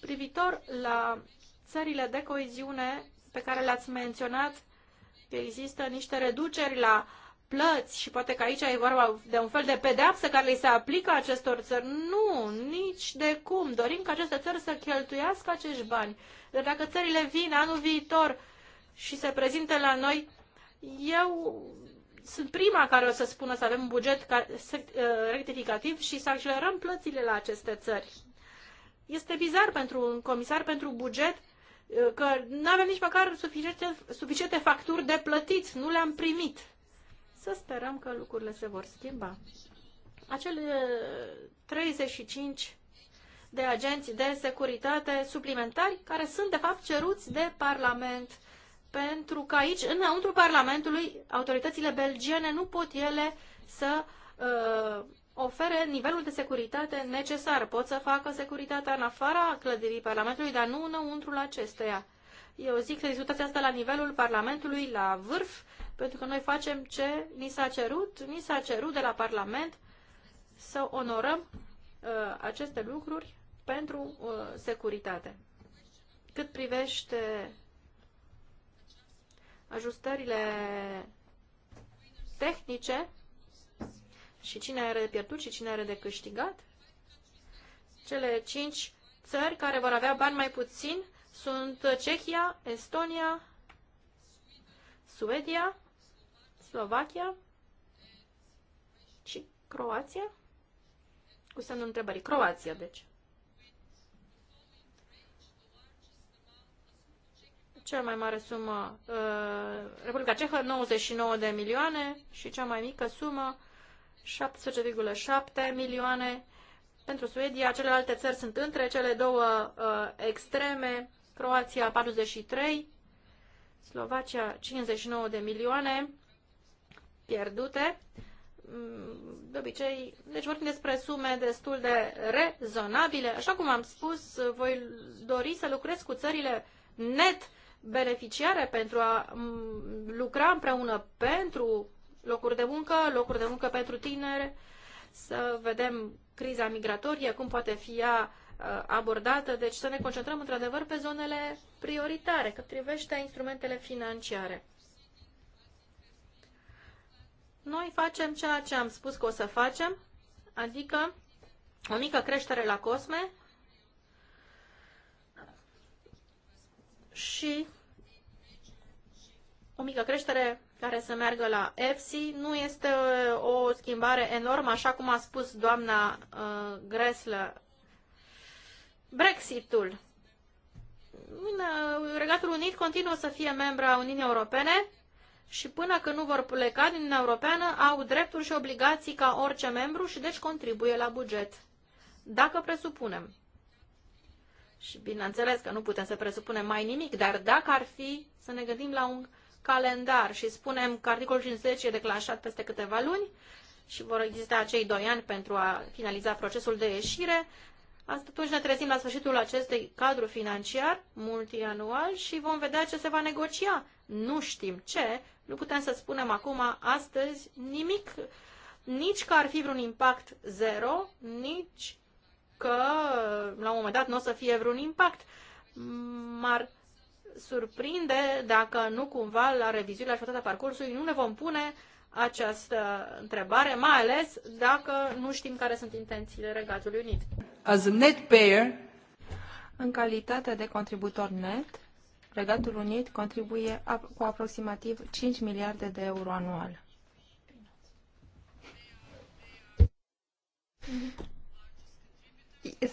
A: Privitor la țările de coeziune pe care le-ați menționat, există niște reduceri la uh, plăți și poate că aici e vorba de un fel de pedeapsă care li se aplică acestor țări. Nu, nici de cum. Dorim ca aceste țări să cheltuiască acești bani. Dar dacă țările vin anul viitor și se prezintă la noi, eu sunt prima care o să spună să avem un buget uh, rectificativ și să accelerăm plățile la aceste țări. Este bizar pentru un comisar pentru buget uh, că nu avem nici măcar suficiente, suficiente facturi de plătit, nu le-am primit. Să sperăm că lucrurile se vor schimba. Acele 35 de agenți de securitate suplimentari care sunt de fapt ceruți de Parlament pentru că aici, înăuntru Parlamentului, autoritățile belgiene nu pot ele să uh, ofere nivelul de securitate necesar. Pot să facă securitatea în afara clădirii Parlamentului, dar nu înăuntrul acesteia. Eu zic că discutați asta la nivelul Parlamentului, la vârf, pentru că noi facem ce ni s-a cerut, ni s-a cerut de la Parlament să onorăm uh, aceste lucruri pentru uh, securitate. Cât privește ajustările tehnice și cine are de pierdut și cine are de câștigat, cele cinci țări care vor avea bani mai puțin sunt Cehia, Estonia, Suedia Slovacia și Croația? Cu semnul întrebării. Croația, deci. Cea mai mare sumă, uh, Republica Cehă, 99 de milioane și cea mai mică sumă, 17,7 milioane pentru Suedia. Celelalte țări sunt între cele două uh, extreme. Croația 43, Slovacia 59 de milioane pierdute. Mm, de obicei, deci vorbim despre sume destul de rezonabile. Așa cum am spus, voi dori să lucrez cu țările net beneficiare pentru a mm, lucra împreună pentru locuri de muncă, locuri de muncă pentru tineri, să vedem criza migratorie, cum poate fi ea abordată, deci să ne concentrăm într-adevăr pe zonele prioritare, cât privește instrumentele financiare. Noi facem ceea ce am spus că o să facem, adică o mică creștere la Cosme și o mică creștere care să meargă la EFSI. Nu este uh, o schimbare enormă, așa cum a spus doamna uh, Gresle. Brexitul. Uh, Regatul Unit continuă să fie membra Uniunii Europene și până când nu vor pleca din Uniunea Europeană, au drepturi și obligații ca orice membru și deci contribuie la buget. Dacă presupunem, și bineînțeles că nu putem să presupunem mai nimic, dar dacă ar fi să ne gândim la un calendar și spunem că articolul 50 e declanșat peste câteva luni și vor exista acei doi ani pentru a finaliza procesul de ieșire, atunci ne trezim la sfârșitul acestui cadru financiar multianual și vom vedea ce se va negocia. Nu știm ce, nu putem să spunem acum, astăzi, nimic, nici că ar fi vreun impact zero, nici că la un moment dat nu o să fie vreun impact. M-ar surprinde dacă nu cumva la revizuirea și toată parcursului nu ne vom pune această întrebare, mai ales dacă
B: nu știm care sunt intențiile Regatului Unit. As a net payer, în calitate de contributor net, Regatul Unit contribuie cu aproximativ 5 miliarde de euro anual.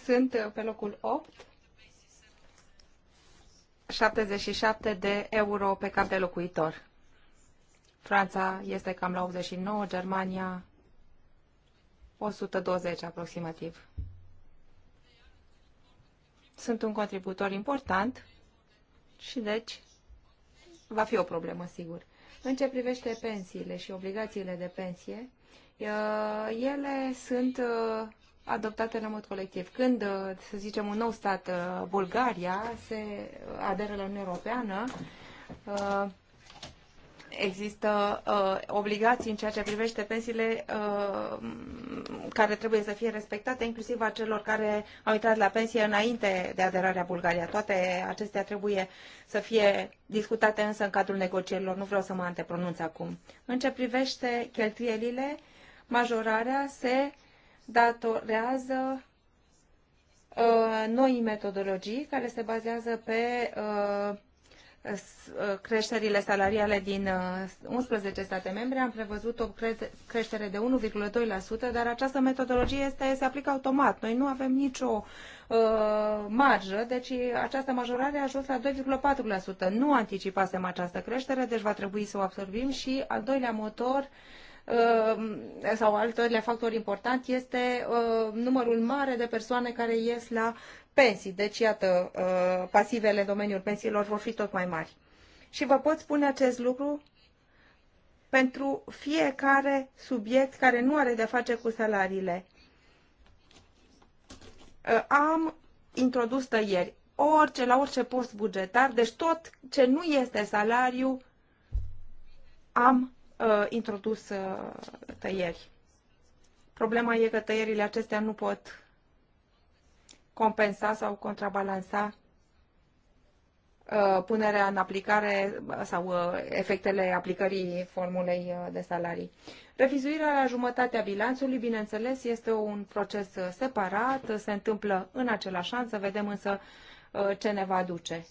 B: Sunt uh, pe locul 8, 77 de euro pe cap de locuitor. Franța este cam la 89, Germania 120 aproximativ. Sunt un contributor important și deci va fi o problemă, sigur. În ce privește pensiile și obligațiile de pensie, uh, ele sunt uh, adoptate la mod colectiv. Când, uh, să zicem, un nou stat, Bulgaria, se aderă la Uniunea Europeană, există uh, obligații în ceea ce privește pensiile uh, care trebuie să fie respectate, inclusiv a celor care au intrat la pensie înainte de aderarea Bulgaria. Toate acestea trebuie să fie discutate însă în cadrul negocierilor. Nu vreau să mă antepronunț acum. În ce privește cheltuielile, majorarea se datorează uh, noi metodologii care se bazează pe uh, Uh, creșterile salariale din 11 uh, state membre. Am prevăzut o creștere de 1,2%, dar această metodologie este, se aplică automat. Noi nu avem nicio uh, marjă, deci această majorare a ajuns la 2,4%. Nu anticipasem această creștere, deci va trebui să o absorbim și al doilea motor uh, sau al doilea factor important este uh, numărul mare de persoane care ies la pensii. Deci, iată, uh, pasivele în domeniul pensiilor vor fi tot mai mari. Și vă pot spune acest lucru pentru fiecare subiect care nu are de face cu salariile. Uh, am introdus tăieri orice, la orice post bugetar, deci tot ce nu este salariu am uh, introdus uh, tăieri. Problema e că tăierile acestea nu pot compensa sau contrabalansa uh, punerea în aplicare uh, sau uh, efectele aplicării formulei de salarii. Revizuirea la jumătatea bilanțului, bineînțeles, este un proces separat, se întâmplă în același an, să vedem însă ce ne va duce.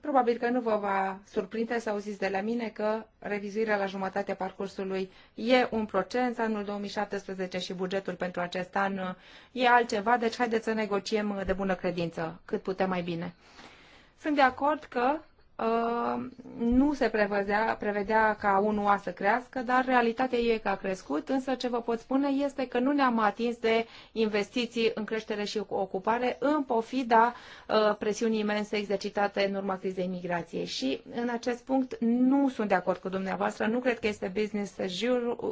B: Probabil că nu vă va surprinde să auziți de la mine că revizuirea la jumătatea parcursului e un procent, anul 2017 și bugetul pentru acest an uh, e altceva, deci haideți să negociem uh, de bună credință cât putem mai bine. Sunt de acord că Uh, nu se prevedea, prevedea ca 1A să crească, dar realitatea e că a crescut, însă ce vă pot spune este că nu ne-am atins de investiții în creștere și ocupare în pofida uh, presiunii imense exercitate în urma crizei migrației. Și în acest punct nu sunt de acord cu dumneavoastră, nu cred că este business as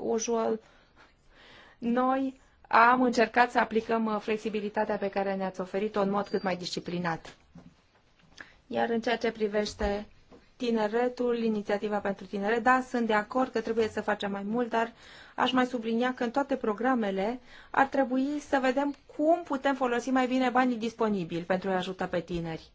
B: usual. Noi am încercat să aplicăm uh, flexibilitatea pe care ne-ați oferit-o în mod cât mai disciplinat iar în ceea ce privește tineretul, inițiativa pentru tineret, da, sunt de acord că trebuie să facem mai mult, dar aș mai sublinia că în toate programele ar trebui să vedem cum putem folosi mai bine banii disponibili pentru a ajuta pe tineri.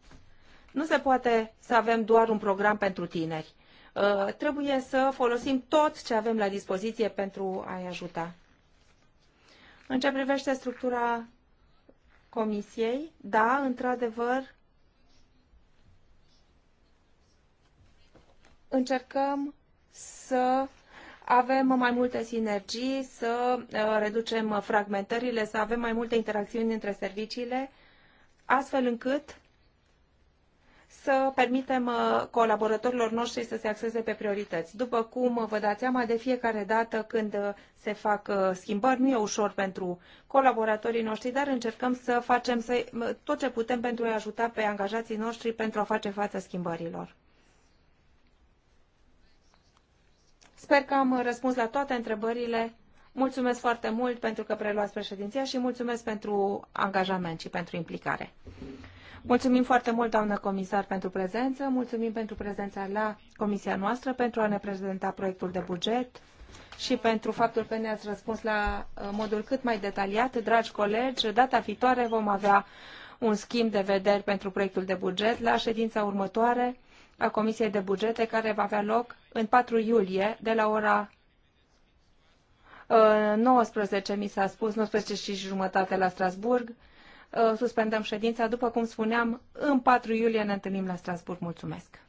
B: Nu se poate să avem doar un program pentru tineri. Uh, trebuie să folosim tot ce avem la dispoziție pentru a-i ajuta. În ce privește structura comisiei, da, într-adevăr, încercăm să avem mai multe sinergii, să uh, reducem fragmentările, să avem mai multe interacțiuni între serviciile, astfel încât să permitem uh, colaboratorilor noștri să se axeze pe priorități. După cum vă dați seama, de fiecare dată când uh, se fac schimbări, nu e ușor pentru colaboratorii noștri, dar încercăm să facem să, tot ce putem pentru a ajuta pe angajații noștri pentru a face față schimbărilor. Sper că am răspuns la toate întrebările. Mulțumesc foarte mult pentru că preluați președinția și mulțumesc pentru angajament și pentru implicare. Mulțumim foarte mult, doamnă comisar, pentru prezență. Mulțumim pentru prezența la comisia noastră, pentru a ne prezenta proiectul de buget și pentru faptul că ne-ați răspuns la uh, modul cât mai detaliat. Dragi colegi, data viitoare vom avea un schimb de vederi pentru proiectul de buget la ședința următoare a Comisiei de Bugete, care va avea loc în 4 iulie, de la ora 19, uh, mi s-a spus, 19 și jumătate la Strasburg. Uh, suspendăm ședința. După cum spuneam, în 4 iulie ne întâlnim la Strasburg. Mulțumesc!